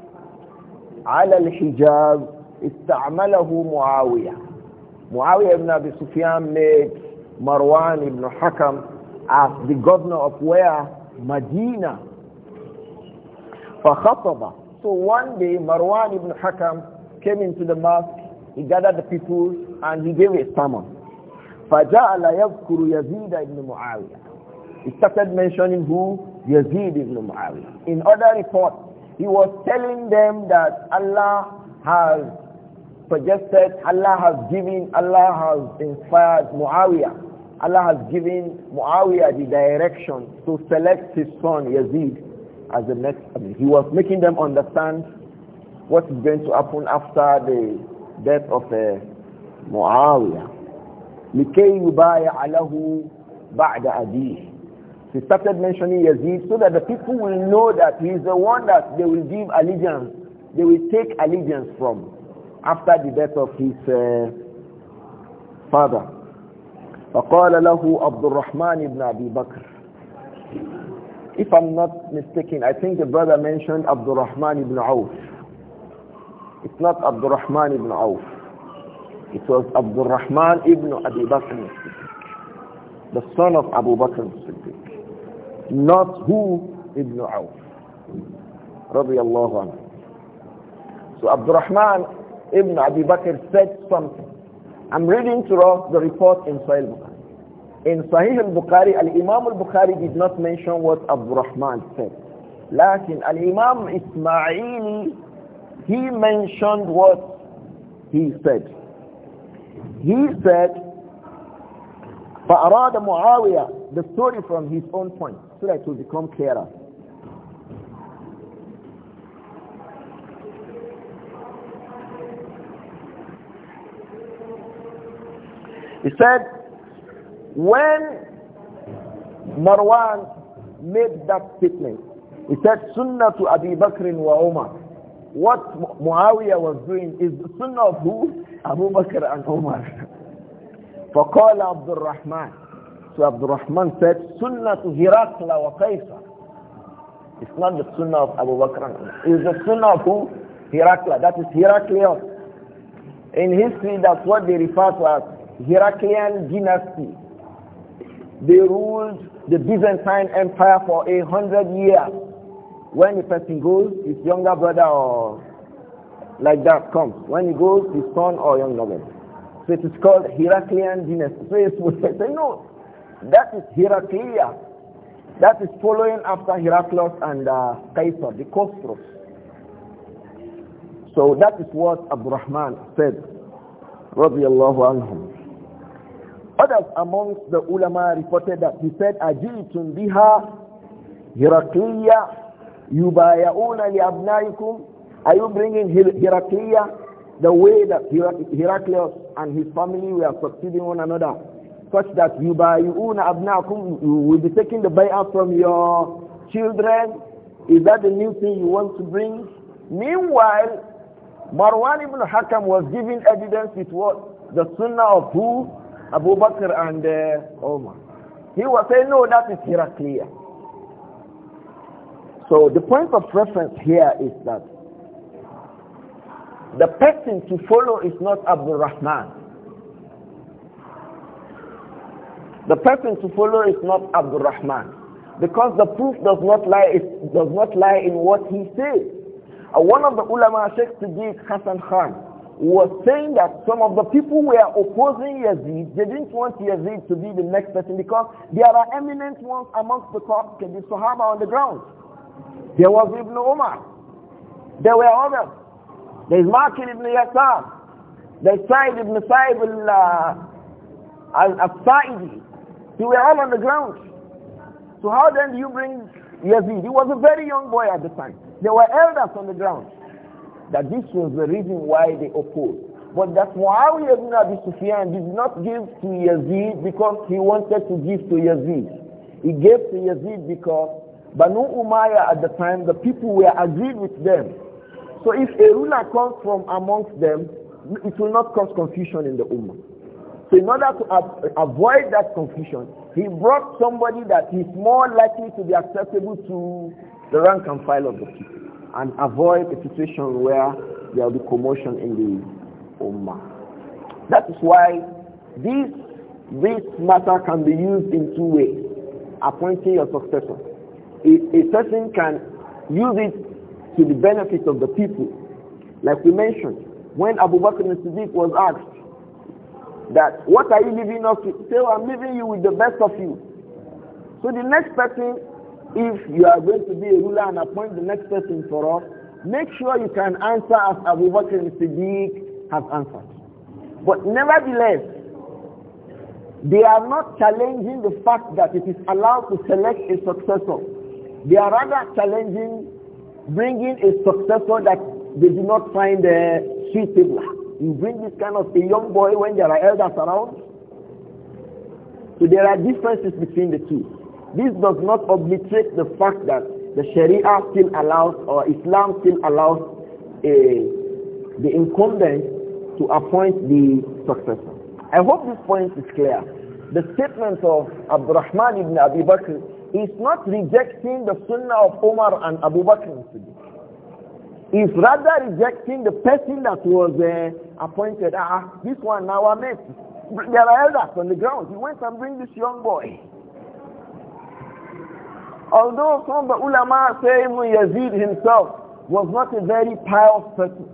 Speaker 1: على الحجاز استعمله معاوية Muawiyah ibn Abi Sufyan made مروان ibn Hakam as the governor of where? Medina. فخطب. So one day Marwan ibn Hakam came into the mosque, he gathered the people and he gave a sermon. فجعل يذكر يزيد ibn Muawiyah. He started mentioning who? Yazid ibn Muawiyah. In other reports, he was telling them that Allah has suggested, Allah has given, Allah has inspired Muawiyah. Allah has given Muawiyah the direction to select his son Yazid as the next He was making them understand what is going to happen after the death of uh, Muawiyah. لكي يبايع له بعد أبيه he started mentioning Yazid so that the people will know that he is the one that they will give allegiance, they will take allegiance from after the death of his uh, father. فقال له عبد الرحمن بن أبي بكر If I'm not mistaken, I think the brother mentioned Abdul Rahman ibn Auf. It's not Abdul Rahman ibn Auf. It was Abdul Rahman ibn Abi Bakr the son of Abu Bakr Siddiq not who Ibn Auf radiyallahu anhu so Abdurrahman Ibn Abi Bakr said something I'm reading to us the report in Sahih Bukhari in Sahih al-Bukhari al-Imam al-Bukhari did not mention what Abdurrahman said لكن Imam Ismaili he mentioned what he said he said فأراد معاوية the story from his own point so that it will become clearer. He said, when Marwan made that statement, he said, Sunnah to Abu Bakr wa Umar. What Muawiyah was doing is the Sunnah of who? Abu Bakr and Umar. فقال عبد الرحمن to Rahman said, Sunnah to Hirakla wa Kaisa It's not the Sunnah of Abu Bakr. It's the Sunnah of who? Hirakla. That is Heraclius. In history, that's what they refer to as Heraclian dynasty. They ruled the Byzantine Empire for a hundred years. When a person goes, his younger brother or like that comes. When he goes, his son or younger brother. So it is called Heraclian dynasty. So it's, they that is Heraclea. That is following after Heraclius and uh, Caesar, the Costros. So that is what Abdurrahman said, radiallahu anhum. Others amongst the ulama reported that he said, أَجِئْتُمْ بِهَا هِرَقْلِيَّ يُبَايَعُونَ لِأَبْنَائِكُمْ Are you bringing Heraclea the way that Heraclius and his family were succeeding one another? such that you yubayuna you will be taking the bay'ah from your children. Is that the new thing you want to bring? Meanwhile, Marwan ibn Hakam was giving evidence with what? The sunnah of who? Abu Bakr and uh, Omar. He was saying, no, that is Heraclea. So the point of reference here is that the person to follow is not Abu Rahman. The person to follow is not Abdul Rahman because the proof does not lie it does not lie in what he says. Uh, one of the ulama, Sheikh Siddiq Hassan Khan, was saying that some of the people were opposing Yazid. They didn't want Yazid to be the next person because there are eminent ones amongst the, the Sahaba on the ground. There was Ibn Umar. There were others. There is Makil ibn Yasar. There is Sa'id ibn Sa'ib al-Sa'idi. Uh, they were all on the ground. So how then do you bring Yazid? He was a very young boy at the time. There were elders on the ground. That this was the reason why they opposed. But that Muawiyah ibn Abi Sufyan did not give to Yazid because he wanted to give to Yazid. He gave to Yazid because Banu Umayyah at the time, the people were agreed with them. So if a ruler comes from amongst them, it will not cause confusion in the Ummah. So in order to avoid that confusion, he brought somebody that is more likely to be accessible to the rank and file of the people and avoid a situation where there will be commotion in the ummah. That is why this, this matter can be used in two ways. Appointing your successor. A, a person can use it to the benefit of the people. Like we mentioned, when Abu Bakr al-Siddiq was asked, that what are you leaving us to? Say, oh, I'm leaving you with the best of you. So the next person, if you are going to be a ruler and appoint the next person for us, make sure you can answer as Abu Bakr and Siddiq has answered. But nevertheless, they are not challenging the fact that it is allowed to select a successor. They are rather challenging bringing a successor that they do not find uh, suitable. You bring this kind of a young boy when there are elders around. So there are differences between the two. This does not obliterate the fact that the Sharia still allows or Islam still allows the incumbent to appoint the successor. I hope this point is clear. The statement of Abdurrahman ibn Abi Bakr is not rejecting the sunnah of Omar and Abu Bakr. It's rather rejecting the person that was uh, appointed, ah, ah, this one now I met. There are elders on the ground. He went and bring this young boy. Although some of the ulama say Yazid himself was not a very pious person.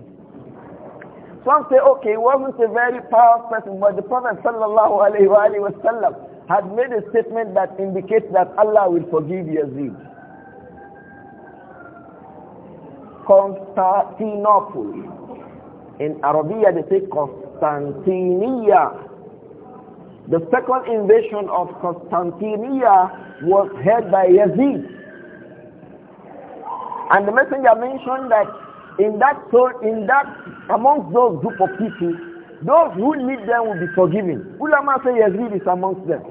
Speaker 1: Some say, okay, he wasn't a very pious person, but the Prophet sallallahu alayhi wasallam had made a statement that indicates that Allah will forgive Yazid. Constantinople in Arabia they say Constantinia. The second invasion of Constantinia was led by Yazid. And the messenger mentioned that in that soul, in that amongst those group of people, those who lead them will be forgiven. Ulama say Yazid is amongst them.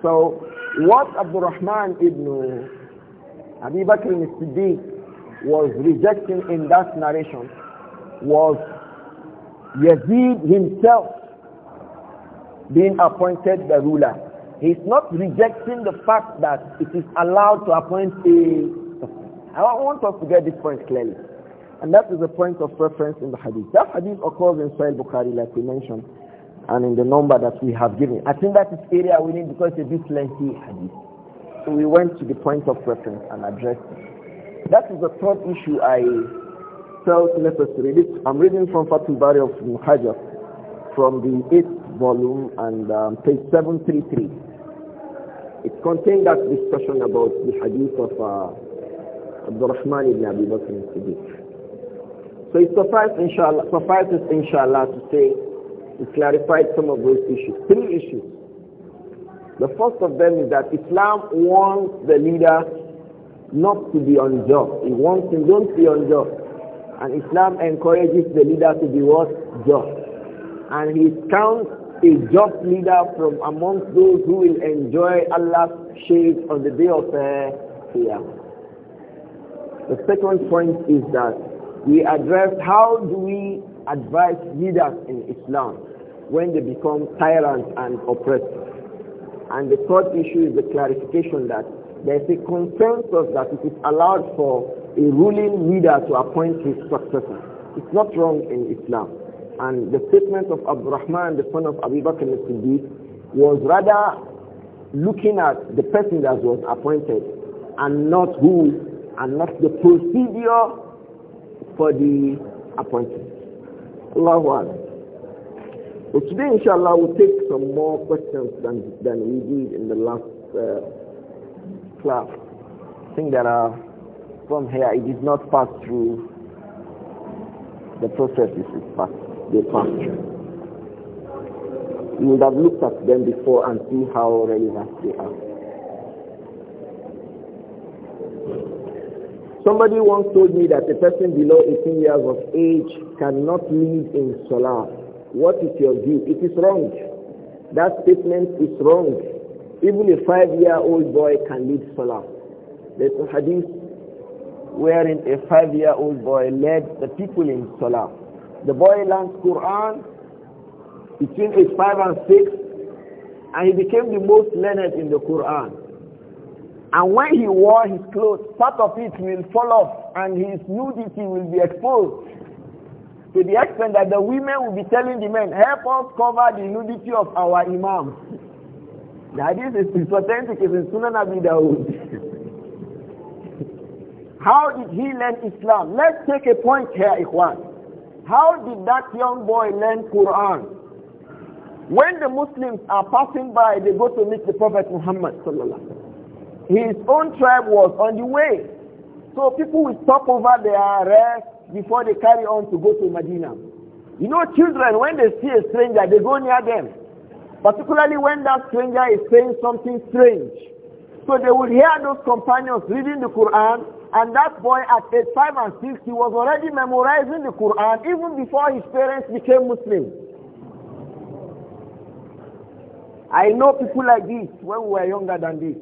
Speaker 1: So what Abdurrahman ibn Abi Bakr al-Siddiq was rejecting in that narration was Yazid himself being appointed the ruler. He's not rejecting the fact that it is allowed to appoint a I want us to get this point clearly. And that is the point of reference in the hadith. That hadith occurs in Sahih Bukhari, like we mentioned, and in the number that we have given. I think that is area we need because it's a bit lengthy hadith. So we went to the point of reference and addressed it. That is the third issue I felt necessary. I'm reading from Fatul Bari of Muhajjab from the 8th volume and um, page 733. It contained that discussion about the hadith of uh, Rahman ibn Abi Bakr al-Siddiq. So it suffices inshallah, inshallah to say it clarified some of those issues. Three issues. The first of them is that Islam wants the leaders not to be unjust. He wants him, don't be unjust. And Islam encourages the leader to be what? Just. And he counts a just leader from amongst those who will enjoy Allah's shade on the day of uh, Qiyamah. The second point is that we address how do we advise leaders in Islam when they become tyrants and oppressors. And the third issue is the clarification that there is a consensus that it is allowed for a ruling leader to appoint his successor. It's not wrong in Islam. And the statement of Abdurrahman, the son of Abu Bakr al-Siddiq, was rather looking at the person that was appointed and not who and not the procedure for the appointment. Allahu Akbar. But today, inshallah, we'll take some more questions than, than we did in the last uh, Class, I think that are from here it did not pass through the process is passed they passed through. You would have looked at them before and see how relevant they are. Somebody once told me that a person below 18 years of age cannot lead in Salah. What is your view? It is wrong. That statement is wrong even a five-year-old boy can lead Salah. There's a hadith wherein a five-year-old boy led the people in Salah. The boy learned Quran between age five and six, and he became the most learned in the Quran. And when he wore his clothes, part of it will fall off, and his nudity will be exposed to the extent that the women will be telling the men, help us cover the nudity of our imam. The hadith is his authentic, is in Sunan Abi Dawud. How did he learn Islam? Let's take a point here, Ikhwan. How did that young boy learn Quran? When the Muslims are passing by, they go to meet the Prophet Muhammad His own tribe was on the way. So people will stop over their rest before they carry on to go to Medina. You know, children, when they see a stranger, they go near them. Particularly when that stranger is saying something strange. So they would hear those companions reading the Quran and that boy at age 5 and 6 he was already memorizing the Quran even before his parents became Muslims. I know people like this when we were younger than this.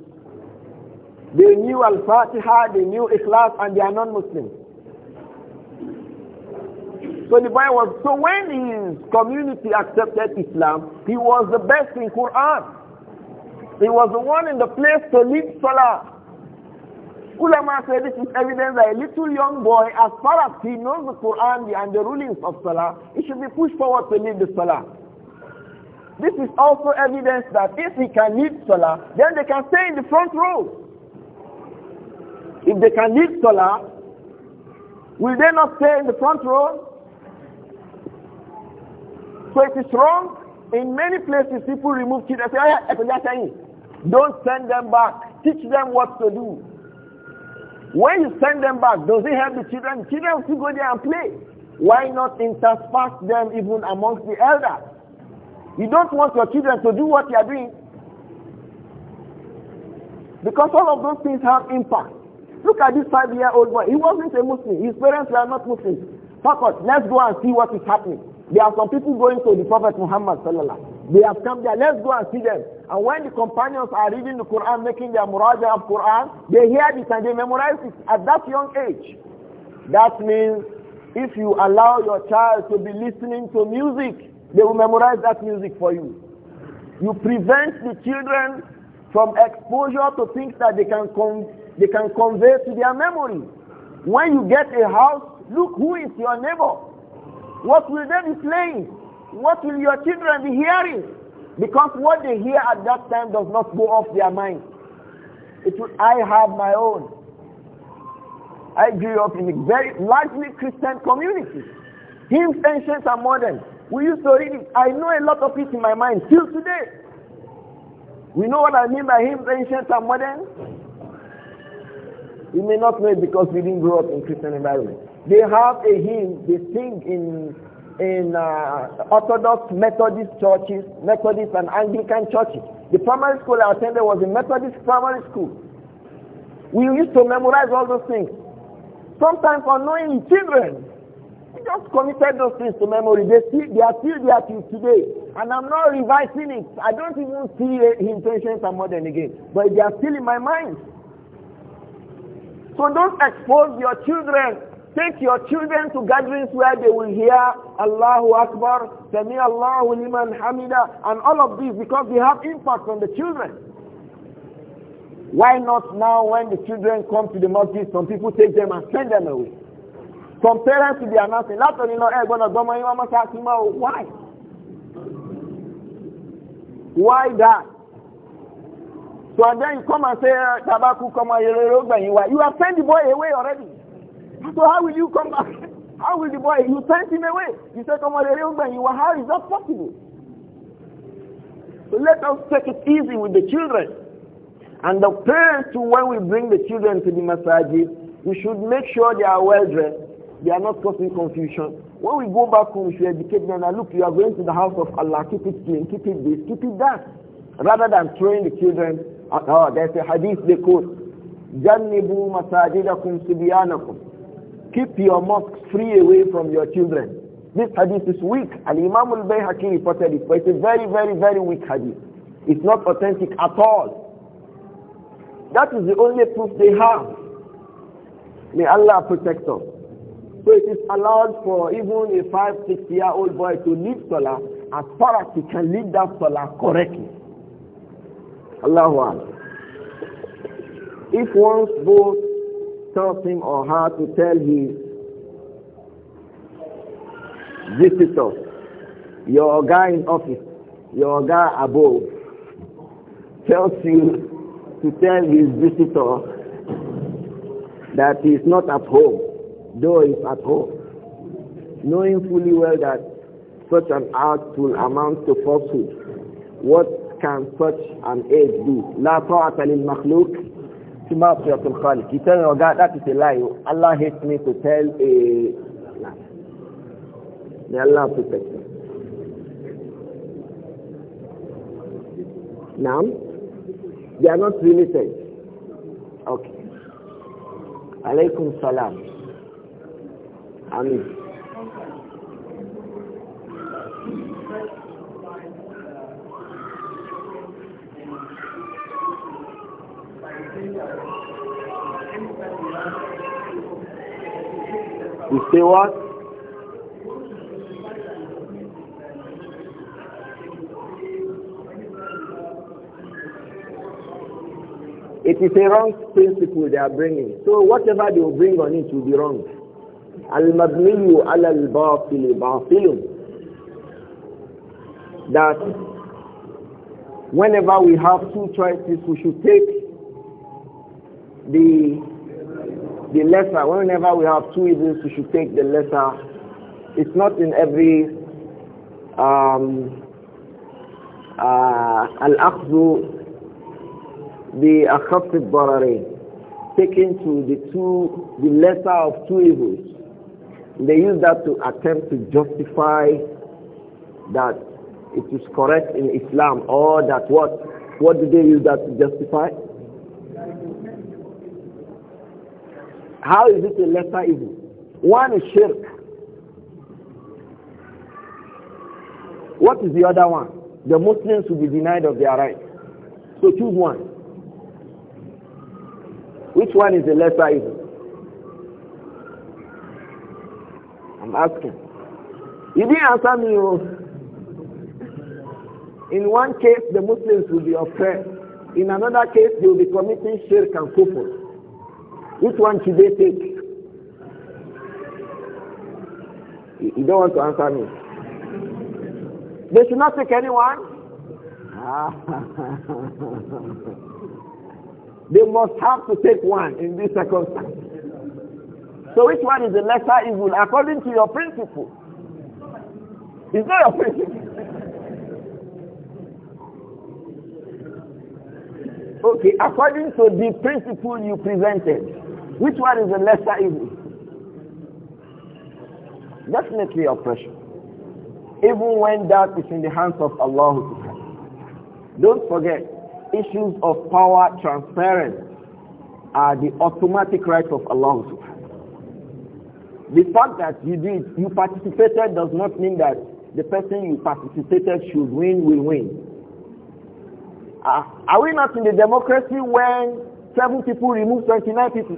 Speaker 1: They knew Al-Fatiha, they knew Ikhlas and they are non-Muslims. So was, so when his community accepted Islam, he was the best in Quran. He was the one in the place to lead Salah. Ulama said this is evidence that a little young boy, as far as he knows the Quran and the rulings of Salah, he should be pushed forward to lead the Salah. This is also evidence that if he can lead Salah, then they can stay in the front row. If they can lead Salah, will they not stay in the front row? So it is wrong. In many places, people remove children. Say, ah, don't send them back. Teach them what to do. When you send them back, does it help the children? children still go there and play. Why not intersperse them even amongst the elders? You don't want your children to do what you are doing. Because all of those things have impact. Look at this five-year-old boy. He wasn't a Muslim. His parents were not Muslims. Fuck us. Let's go and see what is happening. There are some people going to the Prophet Muhammad sallallahu They have come there. Let's go and see them. And when the companions are reading the Quran, making their muraja of Quran, they hear this and they memorize it at that young age. That means if you allow your child to be listening to music, they will memorize that music for you. You prevent the children from exposure to things that they can, they can convey to their memory. When you get a house, look who is your neighbor. What will they be playing? What will your children be hearing? Because what they hear at that time does not go off their mind. It will, I have my own. I grew up in a very largely Christian community. Hymns ancient and modern. We used to read it. I know a lot of it in my mind till today. We know what I mean by hymns ancient and modern. We may not know it because we didn't grow up in Christian environment. They have a hymn they sing in in uh, Orthodox Methodist churches, Methodist and Anglican churches. The primary school I attended was a Methodist primary school. We used to memorize all those things. Sometimes unknowingly, children we just committed those things to memory. They, still, they are still there till today. And I'm not revising it. I don't even see uh, intentions and more than again. But they are still in my mind. So don't expose your children Take your children to gatherings where they will hear Allahu Akbar, Sami Allahu Liman Hamida, and all of these because they have impact on the children. Why not now when the children come to the mosque, some people take them and send them away? Some parents will be announcing, why? Why that? So and then you come and say, Tabaku, come and you are sending the boy away already. So how will you come back? How will the boy? You sent him away. You said, come on, you were, how is that possible? So let us take it easy with the children. And the parents too, when we bring the children to the masajid, we should make sure they are well dressed. They are not causing confusion. When we go back home, we should educate them. look, you are going to the house of Allah. Keep it clean. Keep it this. Keep it that. Rather than throwing the children. At, oh, uh, uh, there's a hadith they quote. جنبوا مساجدكم صبيانكم Keep your mosque free away from your children. This hadith is weak. and imam al-Bayhaqi reported it, but it's a very, very, very weak hadith. It's not authentic at all. That is the only proof they have. May Allah protect us. So it is allowed for even a five, six-year-old boy to lead Salah as far as he can lead that Salah correctly. Allahu Akbar. If one's both tells him or her to tell his visitor, your guy in office, your guy above, tells you to tell his visitor that he is not at home, though he is at home, knowing fully well that such an act will amount to falsehood. What can such an aid do? لا طاعة للمخلوق to Ma'asiyatul Khaliq. You tell me, oh God, that is a lie. Allah hates me to tell a lie. May Allah protect me. Now, they are not related. Okay. Alaykum salam. Amin. You say what? It is a wrong principle they are bringing. So whatever they will bring on it will be wrong. Al-Mabniyu al-Bafili That whenever we have two choices, we should take the the lesser. Whenever we have two evils, we should take the lesser. It's not in every um, uh, al-akhdhu the akhaf barari taking to the two the lesser of two evils. They use that to attempt to justify that it is correct in Islam or that what what do they use that to justify? How is it a lesser evil? One is shirk. What is the other one? The Muslims will be denied of their rights. So choose one. Which one is the lesser evil? I'm asking. You didn't answer me. Oh. In one case, the Muslims will be oppressed. In another case, they will be committing shirk and kufr. Which one should they take? You don't want to answer me. They should not take anyone. they must have to take one in this circumstance. So which one is the lesser evil according to your principle? It's not your principle. Okay, according to the principle you presented. Which one is the lesser evil? Definitely oppression. Even when that is in the hands of Allah. Don't forget, issues of power transparent are the automatic right of Allah. The fact that you did, you participated does not mean that the person you participated should win will win. Uh, are we not in the democracy when Seven people remove 29 people.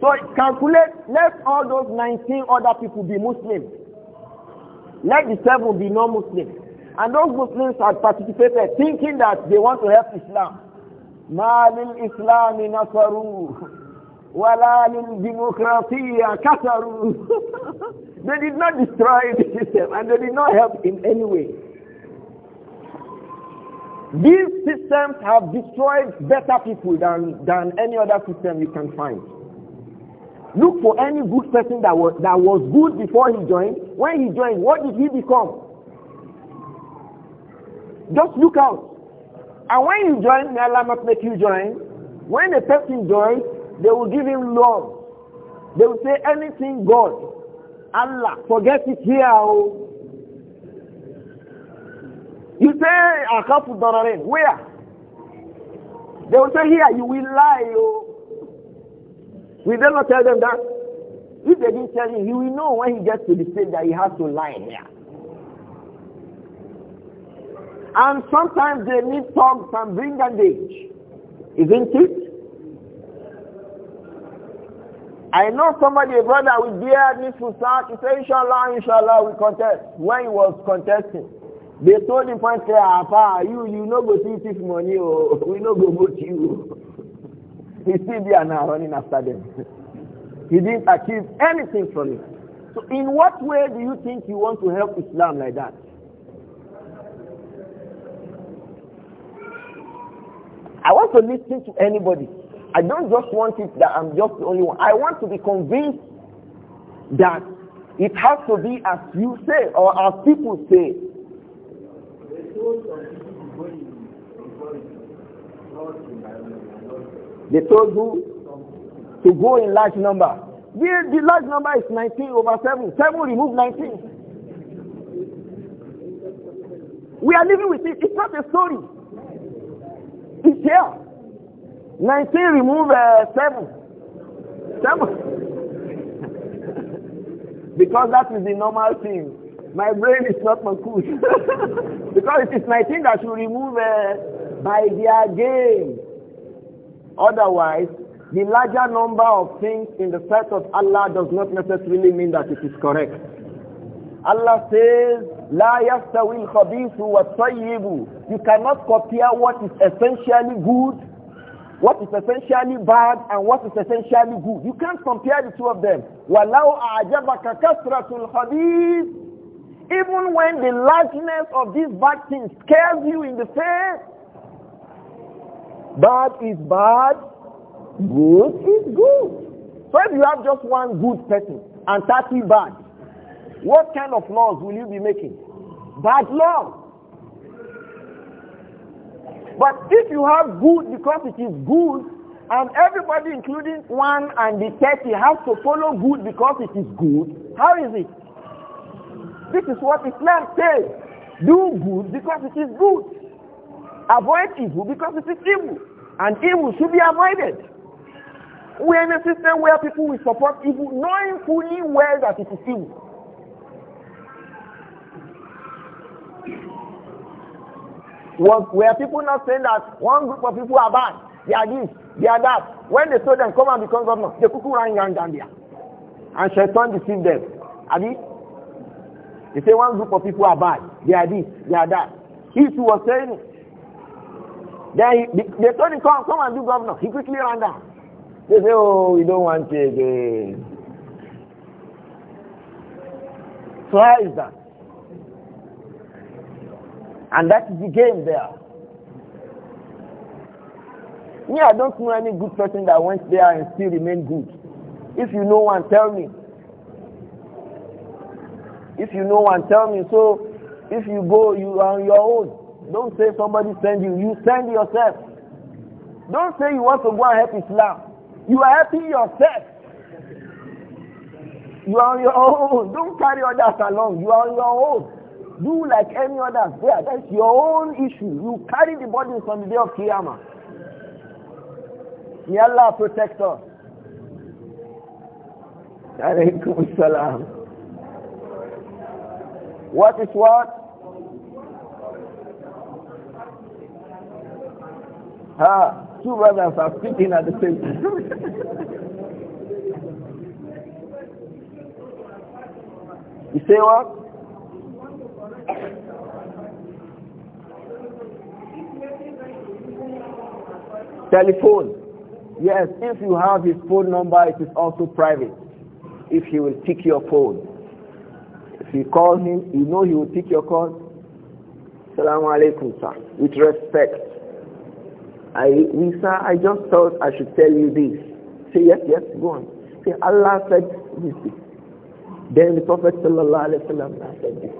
Speaker 1: So calculate, let all those 19 other people be Muslim. Let the seven be non muslim And those Muslims had participated thinking that they want to help Islam. Malil Islam in Nasaru. وَلَا لِلْدِمُقْرَطِيَّةِ كَفَرُوا They did not destroy the system and they did not help in any way. These systems have destroyed better people than, than any other system you can find. Look for any good person that was, that was good before he joined. When he joined, what did he become? Just look out. And when you join, may Allah not make you join. When a person joins, they will give him love. They will say anything God, Allah, forget it here. Oh. You say Akafu Dararin, where? They will say here, you will lie. Oh. We did not tell them that. If they didn't tell him, he will know when he gets to the state that he has to lie here. And sometimes they need tongues and bring bondage, isn't it? I know somebody, a brother with beard, Mr. Sack, he said, Inshallah, Inshallah, we contest. When he was contesting, they told him point clear, Apa, you, you no go see this money, or oh. we no go vote you. He still there now running after them. he didn't achieve anything from it. So in what way do you think you want to help Islam like that? I want to listen to anybody. I don't just want it that I'm just the only one. I want to be convinced that it has to be as you say or as people say. They told who? To go in large number. The, the large number is 19 over 7. 7 remove 19. We are living with it. It's not a story. It's here. 19 remove uh, 7. 7. because that is the normal thing. My brain is not Makus. because it is 19 that should remove uh, by their game. Otherwise, the larger number of things in the sight of Allah does not necessarily mean that it is correct. Allah says, La yastawi al-khabithu wa You cannot compare what is essentially good what is essentially bad and what is essentially good. You can't compare the two of them. وَلَوْ أَعْجَبَكَ كَثْرَةُ الْحَدِيثِ Even when the largeness of these bad things scares you in the face, bad is bad, good is good. So if you have just one good person and 30 bad, what kind of laws will you be making? Bad laws. But if you have good because it is good, and everybody including one and the 30 has to follow good because it is good, how is it? This is what Islam says. Do good because it is good. Avoid evil because it is evil. And evil should be avoided. We are in a system where people will support evil knowing fully well that it is evil. Where people not saying that one group of people are bad, they are this, they are that. When they saw them come and become governor, the cuckoo ran around Gambia. And Shaitan deceived them. Abi? They say one group of people are bad, they are this, they are that. He too was saying it. Then he, they told him, come, come and do governor. He quickly ran down. They say, oh, we don't want you again. So how is that? And that is the game there. Me, yeah, I don't know any good person that went there and still remained good. If you know one, tell me. If you know one, tell me. So if you go, you are on your own. Don't say somebody send you. You send yourself. Don't say you want to go and help Islam. You are helping yourself. You are on your own. Don't carry others along. You are on your own. Do like any others. There, that's your own issue. You carry the burden from the day of Qiyamah. May Allah protect us. Alaykum salam. What is what? Ah, two brothers are speaking at the same time. you say what?
Speaker 2: Telephone.
Speaker 1: Yes, if you have his phone number, it is also private. If he will pick your phone. If you call him, you know he will pick your call. Salaam alaikum, sir. With respect. I, we, sir, I just thought I should tell you this. Say, yes, yes, go on. Say, Allah said this. Then the Prophet sallallahu alaihi wasallam said this.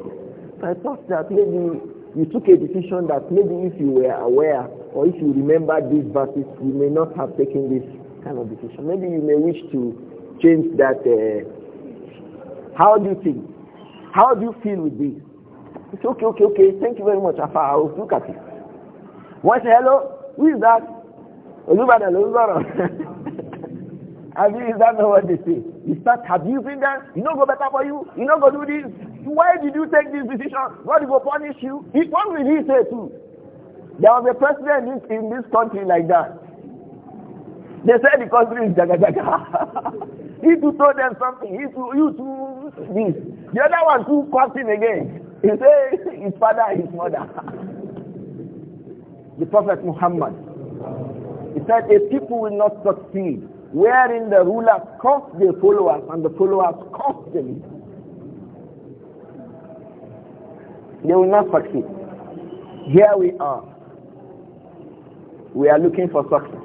Speaker 1: I thought that maybe you took a decision that maybe if you were aware or if you remember these verses, you may not have taken this kind of decision. Maybe you may wish to change that. Uh, how do you think? How do you feel with this? It's okay, okay, okay. Thank you very much, Afa. I will look at it. One hello, who is that? Olubadan, Olubadan. I mean, is that not what they say? You start abusing them. You know go better for you. You know go do this. Why did you take this decision? God will punish you. What will he say too? There was a president in, this country like that. They said the country is jaga jaga. he told them something. He to you to this. The other one too caught again. He said his father and his mother. the Prophet Muhammad. He said a people will not succeed wherein the rulers costs their followers and the followers cost them. They will not succeed. Here we are. We are looking for success.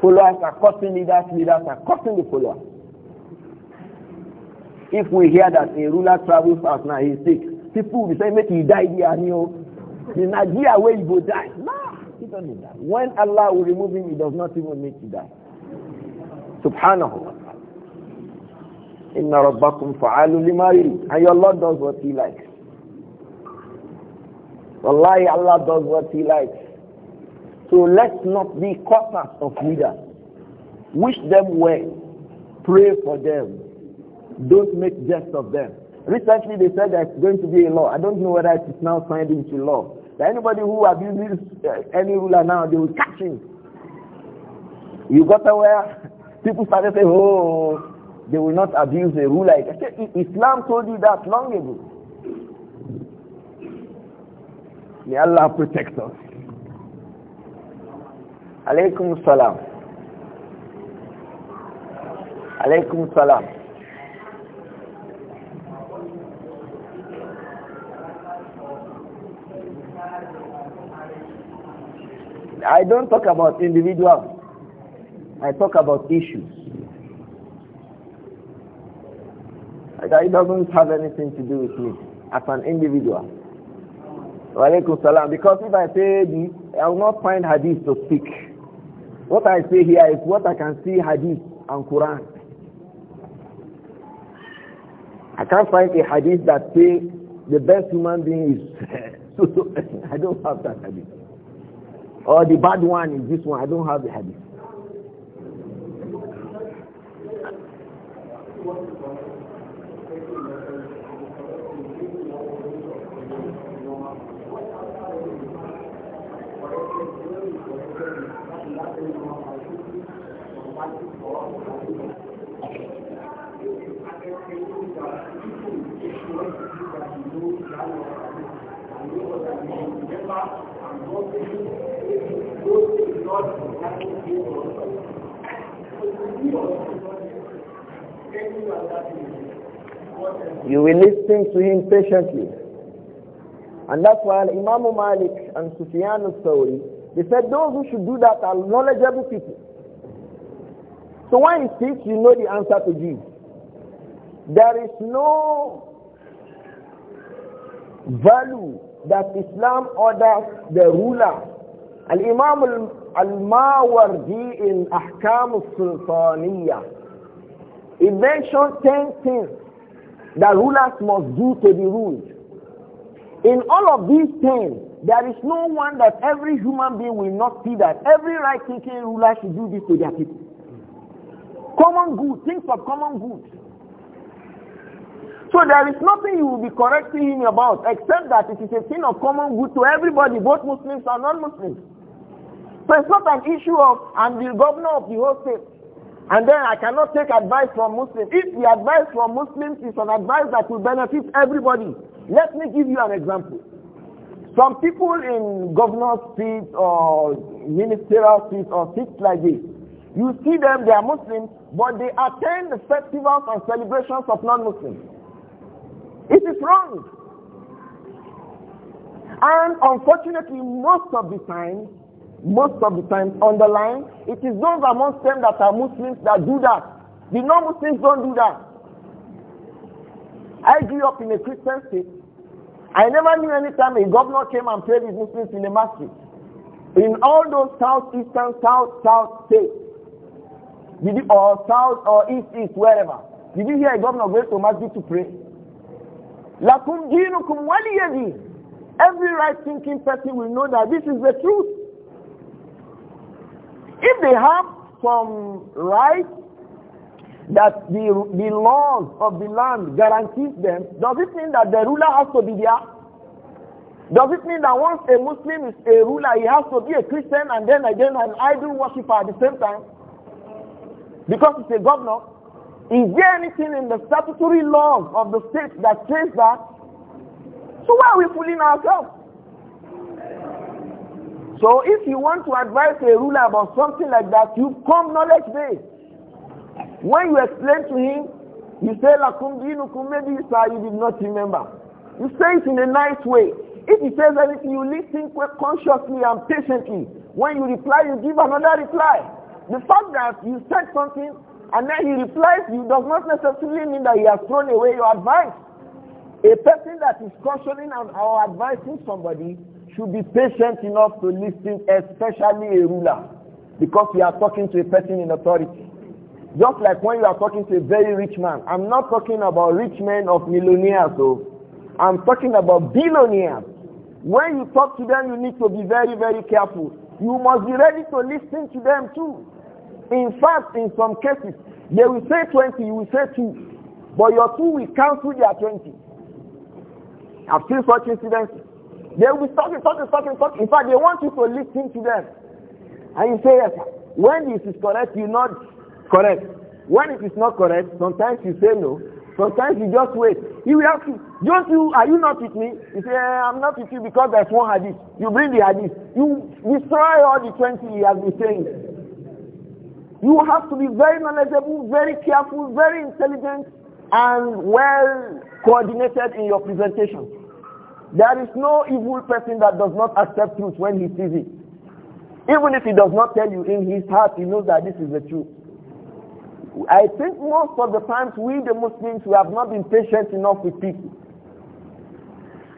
Speaker 1: Followers are cutting leaders, leaders are cutting the followers. If we hear that a ruler travels fast now, he's sick, people will be saying, make he die here, you know. In Nigeria, where he will die. Nah, he doesn't need that. When Allah will remove him, he does not even need to die. Subhanahu wa ta'ala. Inna rabbakum fa'alu And your Lord does what he likes. Wallahi, Allah does what he likes. So let's not be corpus of leaders. Wish them well. Pray for them. Don't make jest of them. Recently they said that it's going to be a law. I don't know whether it is now signed into law. That anybody who abuses uh, any ruler now, they will catch him. You got aware? People started saying, oh, they will not abuse a ruler. I said, Islam told you that long ago. May Allah protect us. Alaykum salam. Alaykum salam. I don't talk about individuals. I talk about issues. It doesn't have anything to do with me as an individual. alaykum salam. Because if I say this, I will not find hadith to speak. What I say here is what I can see hadith and Quran. I can't find a hadith that say the best human being is I don't have that hadith. Or the bad one is this one. I don't have the hadith. You will listen to him patiently. And that's why Imam Malik and Sufyan al-Thawri, they said those who should do that are knowledgeable people. So when he speaks, you know the answer to give. There is no value that Islam orders the ruler Al-Imam Al-Mawardi in Ahkam Sultaniyah, he mentioned 10 things that rulers must do to be ruled. In all of these 10, there is no one that every human being will not see that every right-thinking ruler should do this to their people. Common good, things of common good. So there is nothing you will be correcting him about except that it is a thing of common good to everybody, both Muslims and non-Muslims. But it's not an issue of I'm the governor of the whole state. And then I cannot take advice from Muslims. If the advice from Muslims is an advice that will benefit everybody, let me give you an example. Some people in governor's seat or ministerial seat or seats like this, you see them, they are Muslims, but they attend the festivals and celebrations of non-Muslims. It is wrong. And unfortunately, most of the time, most of the time underline it is those amongst them that are Muslims that do that. The non-Muslims don't do that. I grew up in a Christian state. I never knew any time a governor came and prayed with Muslims in a mosque. In all those southeastern, south, south states, did you, or south or east, east, wherever, did you hear a governor go to masjid to pray? Lakum dinukum waliyadin. Every right-thinking person will know that this is the truth. If they have some rights that the, the laws of the land guarantees them, does it mean that the ruler has to be there? Does it mean that once a Muslim is a ruler, he has to be a Christian and then again an idol worshiper at the same time? Because he's a governor. Is there anything in the statutory laws of the state that says that? So why are we fooling ourselves? So if you want to advise a ruler about something like that, you come knowledge based. When you explain to him, you say lakum dinukum, maybe sir ah, you did not remember. You say it in a nice way. If he says anything, you listen consciously and patiently. When you reply, you give another reply. The fact that you said something and then he replies you does not necessarily mean that he has thrown away your advice. A person that is cautioning or advising somebody should be patient enough to listen, especially a ruler, because you are talking to a person in authority. Just like when you are talking to a very rich man, I'm not talking about rich men of millionaires, though. I'm talking about billionaires. When you talk to them, you need to be very, very careful. You must be ready to listen to them too. In fact, in some cases, they will say 20, you will say 2. But your 2 will cancel their 20. I've seen such incidents they will be talking, talking, talking, talking. In fact, they want you to listen to them. And you say, yes, when this is correct, you not correct. When it is not correct, sometimes you say no. Sometimes you just wait. He will ask you, don't you, are you not with me? You say, eh, I'm not with you because there's one hadith. You bring the hadith. You destroy all the 20 he has been saying. You have to be very knowledgeable, very careful, very intelligent, and well coordinated in your presentation. There is no evil person that does not accept truth when he sees it. Even if he does not tell you in his heart, he knows that this is the truth. I think most of the times we the Muslims, we have not been patient enough with people.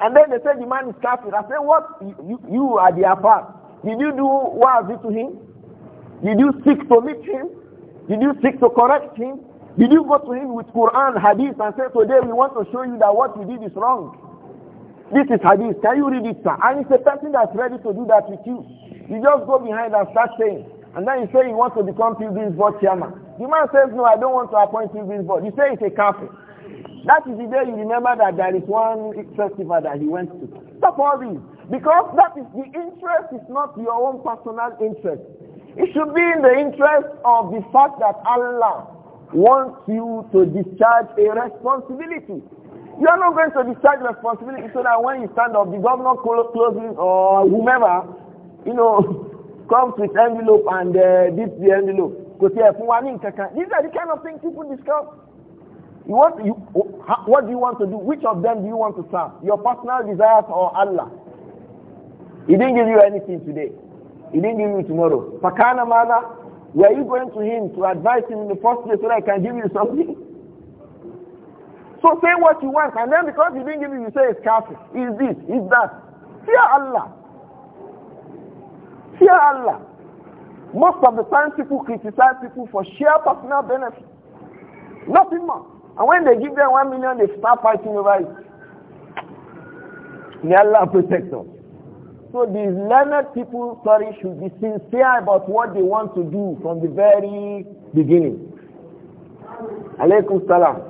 Speaker 1: And then they said the man is kafir. I said, what? You, you are the afar. Did you do wazi to him? Did you seek to meet him? Did you seek to correct him? Did you go to him with Quran, Hadith, and say, today we want to show you that what you did is wrong? This is hadith. Can you read it, sir? And it's a person that's ready to do that with you. You just go behind and start saying. And then you say you want to become Pilgrim's Board chairman. The man says, no, I don't want to appoint Pilgrim's Board. You say it's a kafir. That is the day you remember that there is one festival that he went to. Stop all this. Because that is the interest is not your own personal interest. It should be in the interest of the fact that Allah wants you to discharge a responsibility. You are not going to discharge responsibility so that when you stand up, the governor closes or whomever, you know, comes with envelope and uh, dips the envelope. These are the kind of things people discuss. You want, you, what do you want to do? Which of them do you want to serve? Your personal desires or Allah? He didn't give you anything today. He didn't give you tomorrow. Fakana where were you going to him to advise him in the first place so that I can give you something? So say what you want, and then because you didn't give you, you say it's kafir, is this, is that. Fear Allah. Fear Allah. Most of the time people criticize people for sheer personal benefit. Nothing more. And when they give them one million, they start fighting over it. May Allah protect us. So these learned people, sorry, should be sincere about what they want to do from the very beginning. Alaykum salam.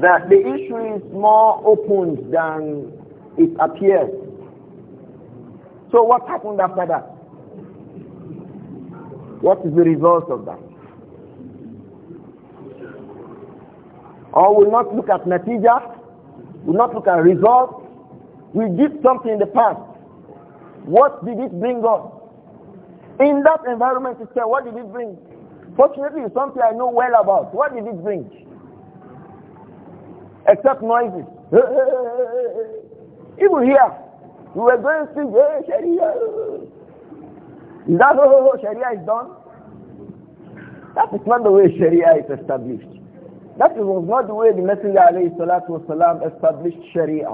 Speaker 1: That the issue is more open than it appears. So what happened after that? What is the result of that? Or will not look at natija, will not look at result. We did something in the past. What did it bring us? In that environment itself, what did it bring? Fortunately, it's something I know well about. What did it bring? Except noises. Even here, we were going to sing, hey, Sharia. Is that how Sharia is done? That is not the way Sharia is established. That was not the way the Messenger established Sharia.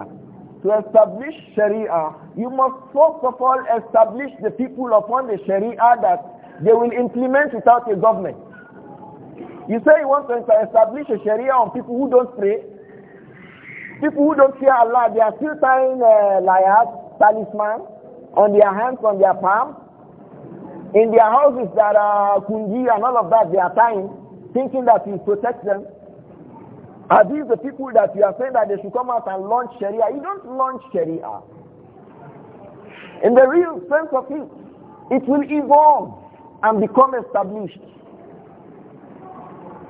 Speaker 1: To establish Sharia, you must first of all establish the people upon the Sharia that they will implement without a government. You say you want to establish a Sharia on people who don't pray, people who don't fear Allah, they are still tying uh, talisman, on their hands, on their palms. In their houses that are kunji and all of that, they are tying, thinking that you protect them. Are these the people that you are saying that they should come out and launch Sharia? You don't launch Sharia. In the real sense of it, it will evolve and become established.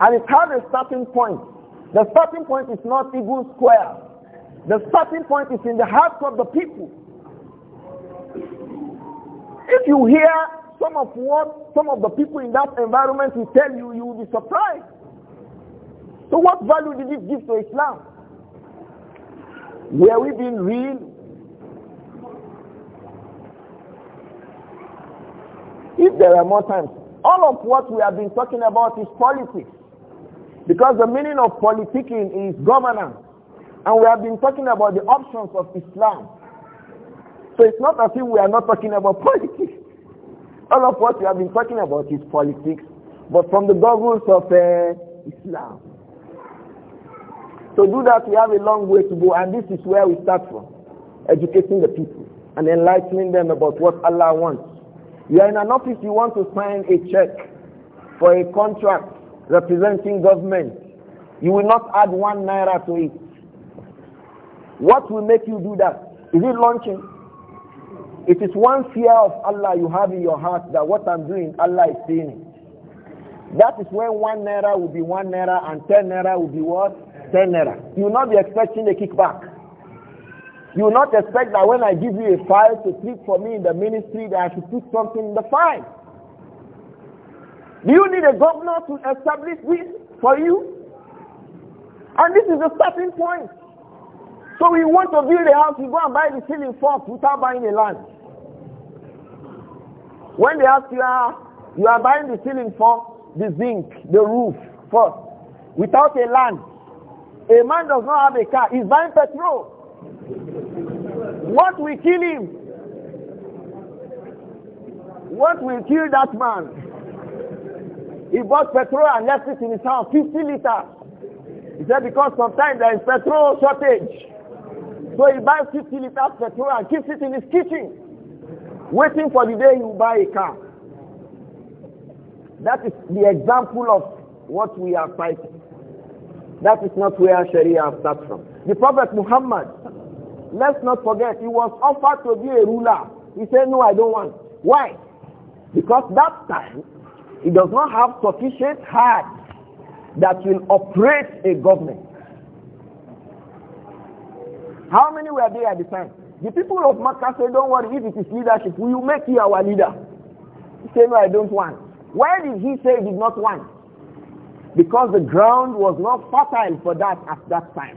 Speaker 1: And it has a starting point. The starting point is not even Square. The starting point is in the hearts of the people. If you hear some of what some of the people in that environment will tell you, you will be surprised. So what value did it give to Islam? Were we being real? If there are more times, all of what we have been talking about is politics. Because the meaning of politicking is governance. And we have been talking about the options of Islam. So it's not as if we are not talking about politics. All of what we have been talking about is politics, but from the goggles of uh, Islam. To so do that, we have a long way to go, and this is where we start from. Educating the people and enlightening them about what Allah wants you are in an office, you want to sign a check for a contract representing government. You will not add one naira to it. What will make you do that? Is it launching? It is one fear of Allah you have in your heart that what I'm doing, Allah is seeing it. That is when one naira will be one naira and ten naira will be what? Ten naira. You will not be expecting a kickback. You will not expect that when I give you a file to click for me in the ministry that I should put something in the file. Do you need a governor to establish this for you? And this is the starting point. So we want to build a house, we go and buy the ceiling first without buying the land. When they ask you, ah, you are buying the ceiling first, the zinc, the roof first, without a land. A man does not have a car, he's buying petrol. What will kill him? What will kill that man? He bought petrol and left it in his house, 50 liters. He said because sometimes there is petrol shortage. So he buys 50 liters petrol and keeps it in his kitchen, waiting for the day he will buy a car. That is the example of what we are fighting. That is not where Sharia starts from. The Prophet Muhammad Let's not forget, he was offered to be a ruler. He said, no, I don't want. Why? Because that time, he does not have sufficient heart that will operate a government. How many were there at the time? The people of Makkah said, don't worry, if it is leadership, we will make you our leader. He said, no, I don't want. Why did he say he did not want? Because the ground was not fertile for that at that time.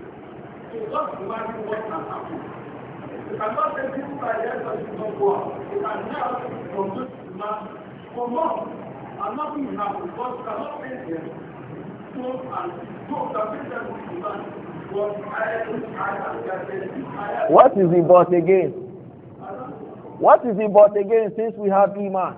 Speaker 1: what What is the but again? What is the but again since we have Iman?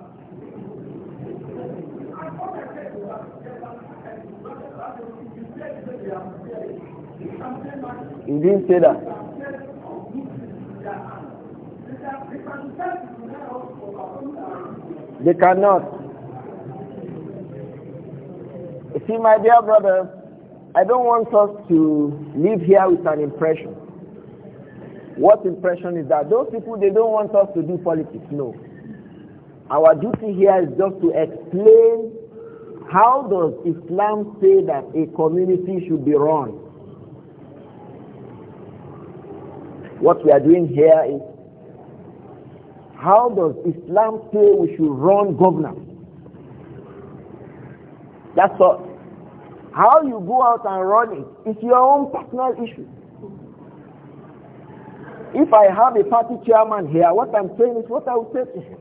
Speaker 2: He didn't say that.
Speaker 1: They cannot. see, my dear brother, I don't want us to leave here with an impression. What impression is that? Those people, they don't want us to do politics. No. Our duty here is just to explain how does Islam say that a community should be run? What we are doing here is how does Islam say we should run governance? That's all. How you go out and run it is your own personal issue. If I have a party chairman here, what I'm saying is what I will say to him.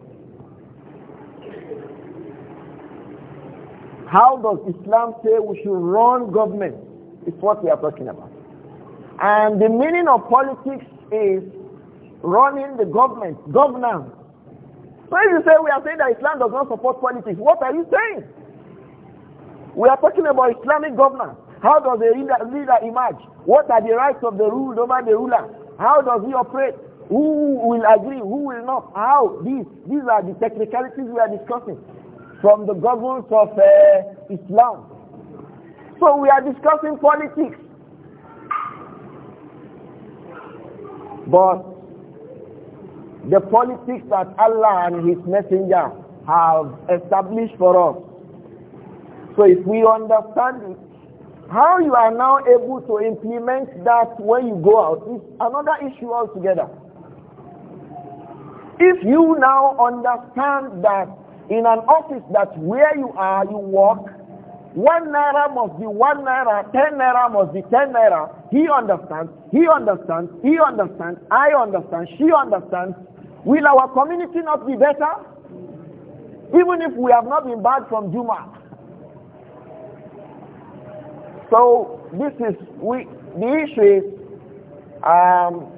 Speaker 1: How does Islam say we should run government? Is what we are talking about. And the meaning of politics is running the government, governance. So if you say we are saying that Islam does not support politics, what are you saying? We are talking about Islamic governance. How does a leader, leader emerge? What are the rights of the ruled over the ruler? How does he operate? Who will agree? Who will not? How? These, these are the technicalities we are discussing from the governance of uh, Islam. So we are discussing politics. But the politics that Allah and His Messenger have established for us. So if we understand it, how you are now able to implement that when you go out is another issue altogether. If you now understand that in an office that where you are, you work, one naira must be one naira, ten naira must be ten naira. He understands, he understands, he understands, I understand, she understands. Will our community not be better? Even if we have not been bad from Juma. So this is we the issue is um,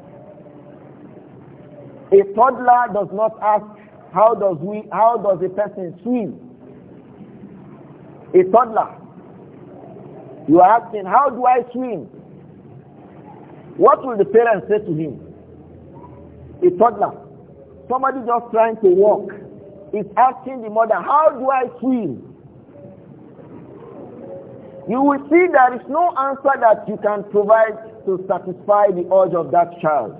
Speaker 1: a toddler does not ask how does we how does a person swim a toddler. You are asking, how do I swim? What will the parents say to him? A toddler. Somebody just trying to walk is asking the mother, how do I swim? You will see there is no answer that you can provide to satisfy the urge of that child.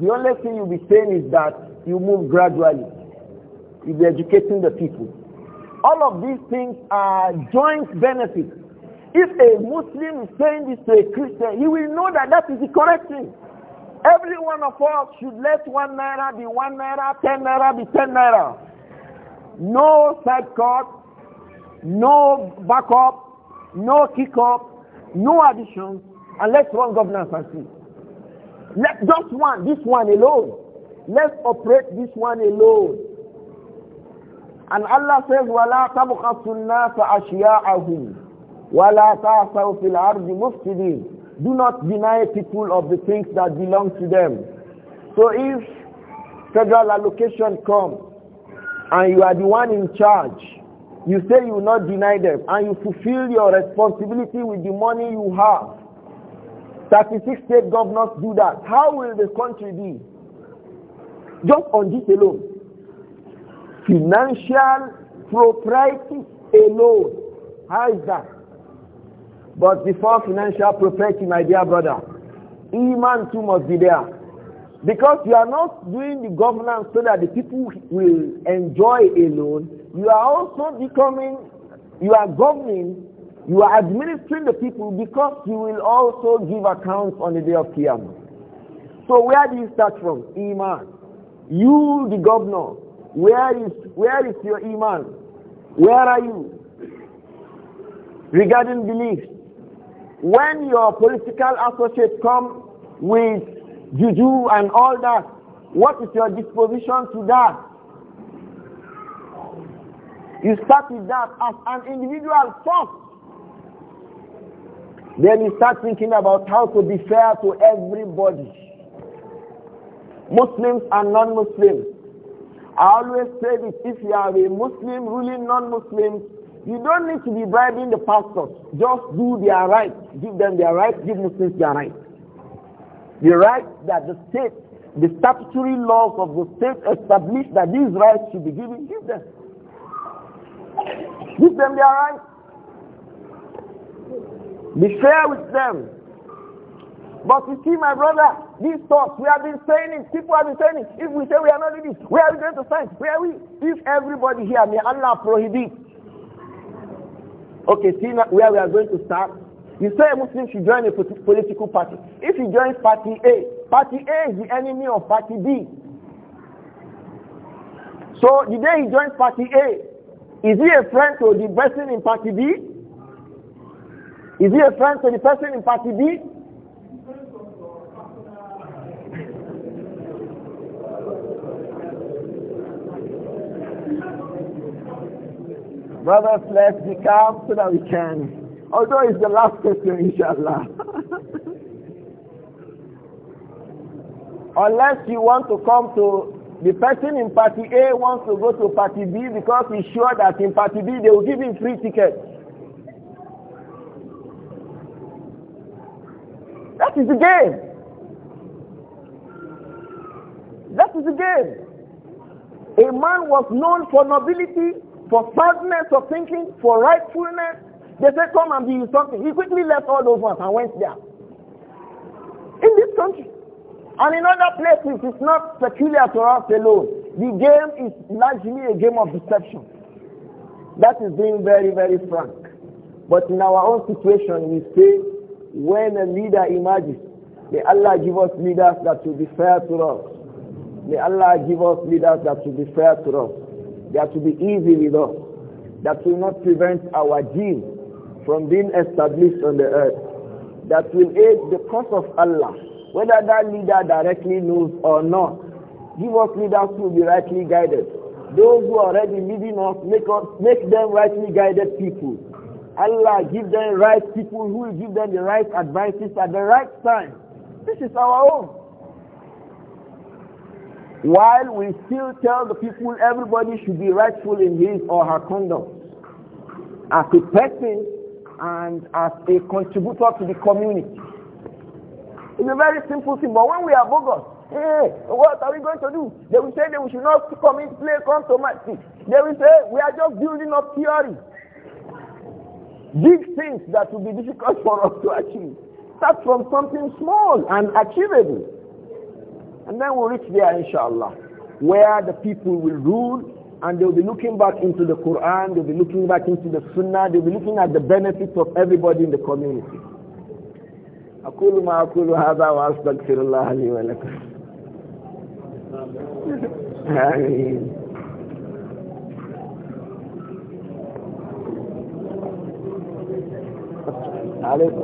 Speaker 1: The only thing you'll be saying is that you move gradually. You'll be educating the people. All of these things are joint benefits. If a Muslim is saying this to a Christian, he will know that that is the correct thing. Every one of us should let one naira be one naira, ten naira be ten naira. No side cut, no backup, no kick up, no addition, and let's run governance and see. Let, just one, this one alone. Let's operate this one alone. And Allah says, وَلَا تَبْخَصُ النَّاسَ أَشْيَاءَهُمْ وَلَا تَعْثَوْا فِي الْأَرْضِ مُفْسِدِينَ Do not deny people of the things that belong to them. So if federal allocation comes and you are the one in charge, you say you will not deny them and you fulfill your responsibility with the money you have. 36 state governors do that. How will the country be? Just on this alone financial propriety alone. How is that? But before financial propriety, my dear brother, Iman too must be there. Because you are not doing the governance so that the people will enjoy alone, you are also becoming, you are governing, you are administering the people because you will also give accounts on the day of Qiyamah. So where do you start from? Iman. You, the governor, where is, where is your iman? Where are you? Regarding belief? when your political associates come with juju and all that, what is your disposition to that? You start with that as an individual first. Then you start thinking about how to be fair to everybody. Muslims and non-Muslims. I always say this, if you are a Muslim ruling non-Muslims, you don't need to be bribing the pastors. Just do their right. Give them their right. Give Muslims their right. The right that the state, the statutory laws of the state establish that these rights should be given. Give them. Give them their right. Be fair with them. But you see, my brother, these thoughts, we have been saying it. People have been saying it. If we say we are not doing this, where are we going to find? Where are we? If everybody here, may Allah prohibit. Okay, see where we are going to start? You say a Muslim should join a political party. If he joins party A, party A is the enemy of party B. So the day he joins party A, is he a friend to the person in party B? Is he a friend to the person in party B? Brothers, let's be calm so that we can. Although it's the last question, inshallah. Unless you want to come to the person in party A wants to go to party B because he's sure that in party B they will give him free tickets. That is the game. That is the game. A man was known for nobility for fairness of thinking, for rightfulness. They said, come and be something. He quickly left all those ones and went there. In this country. And in other places, it's not peculiar to us alone. The game is largely a game of deception. That is being very, very frank. But in our own situation, we say, when a leader emerges, may Allah give us leaders that will be fair to us. May Allah give us leaders that will be fair to us. That will be easy with us. That will not prevent our deen from being established on the earth. That will aid the cause of Allah, whether that leader directly knows or not. Give us leaders who will be rightly guided. Those who are already leading us, make us, make them rightly guided people. Allah give them right people who will give them the right advices at the right time. This is our own. While we still tell the people everybody should be rightful in his or her conduct. As a person and as a contributor to the community. It's a very simple thing, but when we are bogus, hey, what are we going to do? They will say that we should not come in play controversy. They will say we are just building up theory. Big things that will be difficult for us to achieve. Start from something small and achievable. And then we'll reach there, inshallah, where the people will rule and they'll be looking back into the Quran, they'll be looking back into the Sunnah, they'll be looking at the benefits of everybody in the community. أقول ما أقول هذا وأستغفر الله لي
Speaker 2: آمين.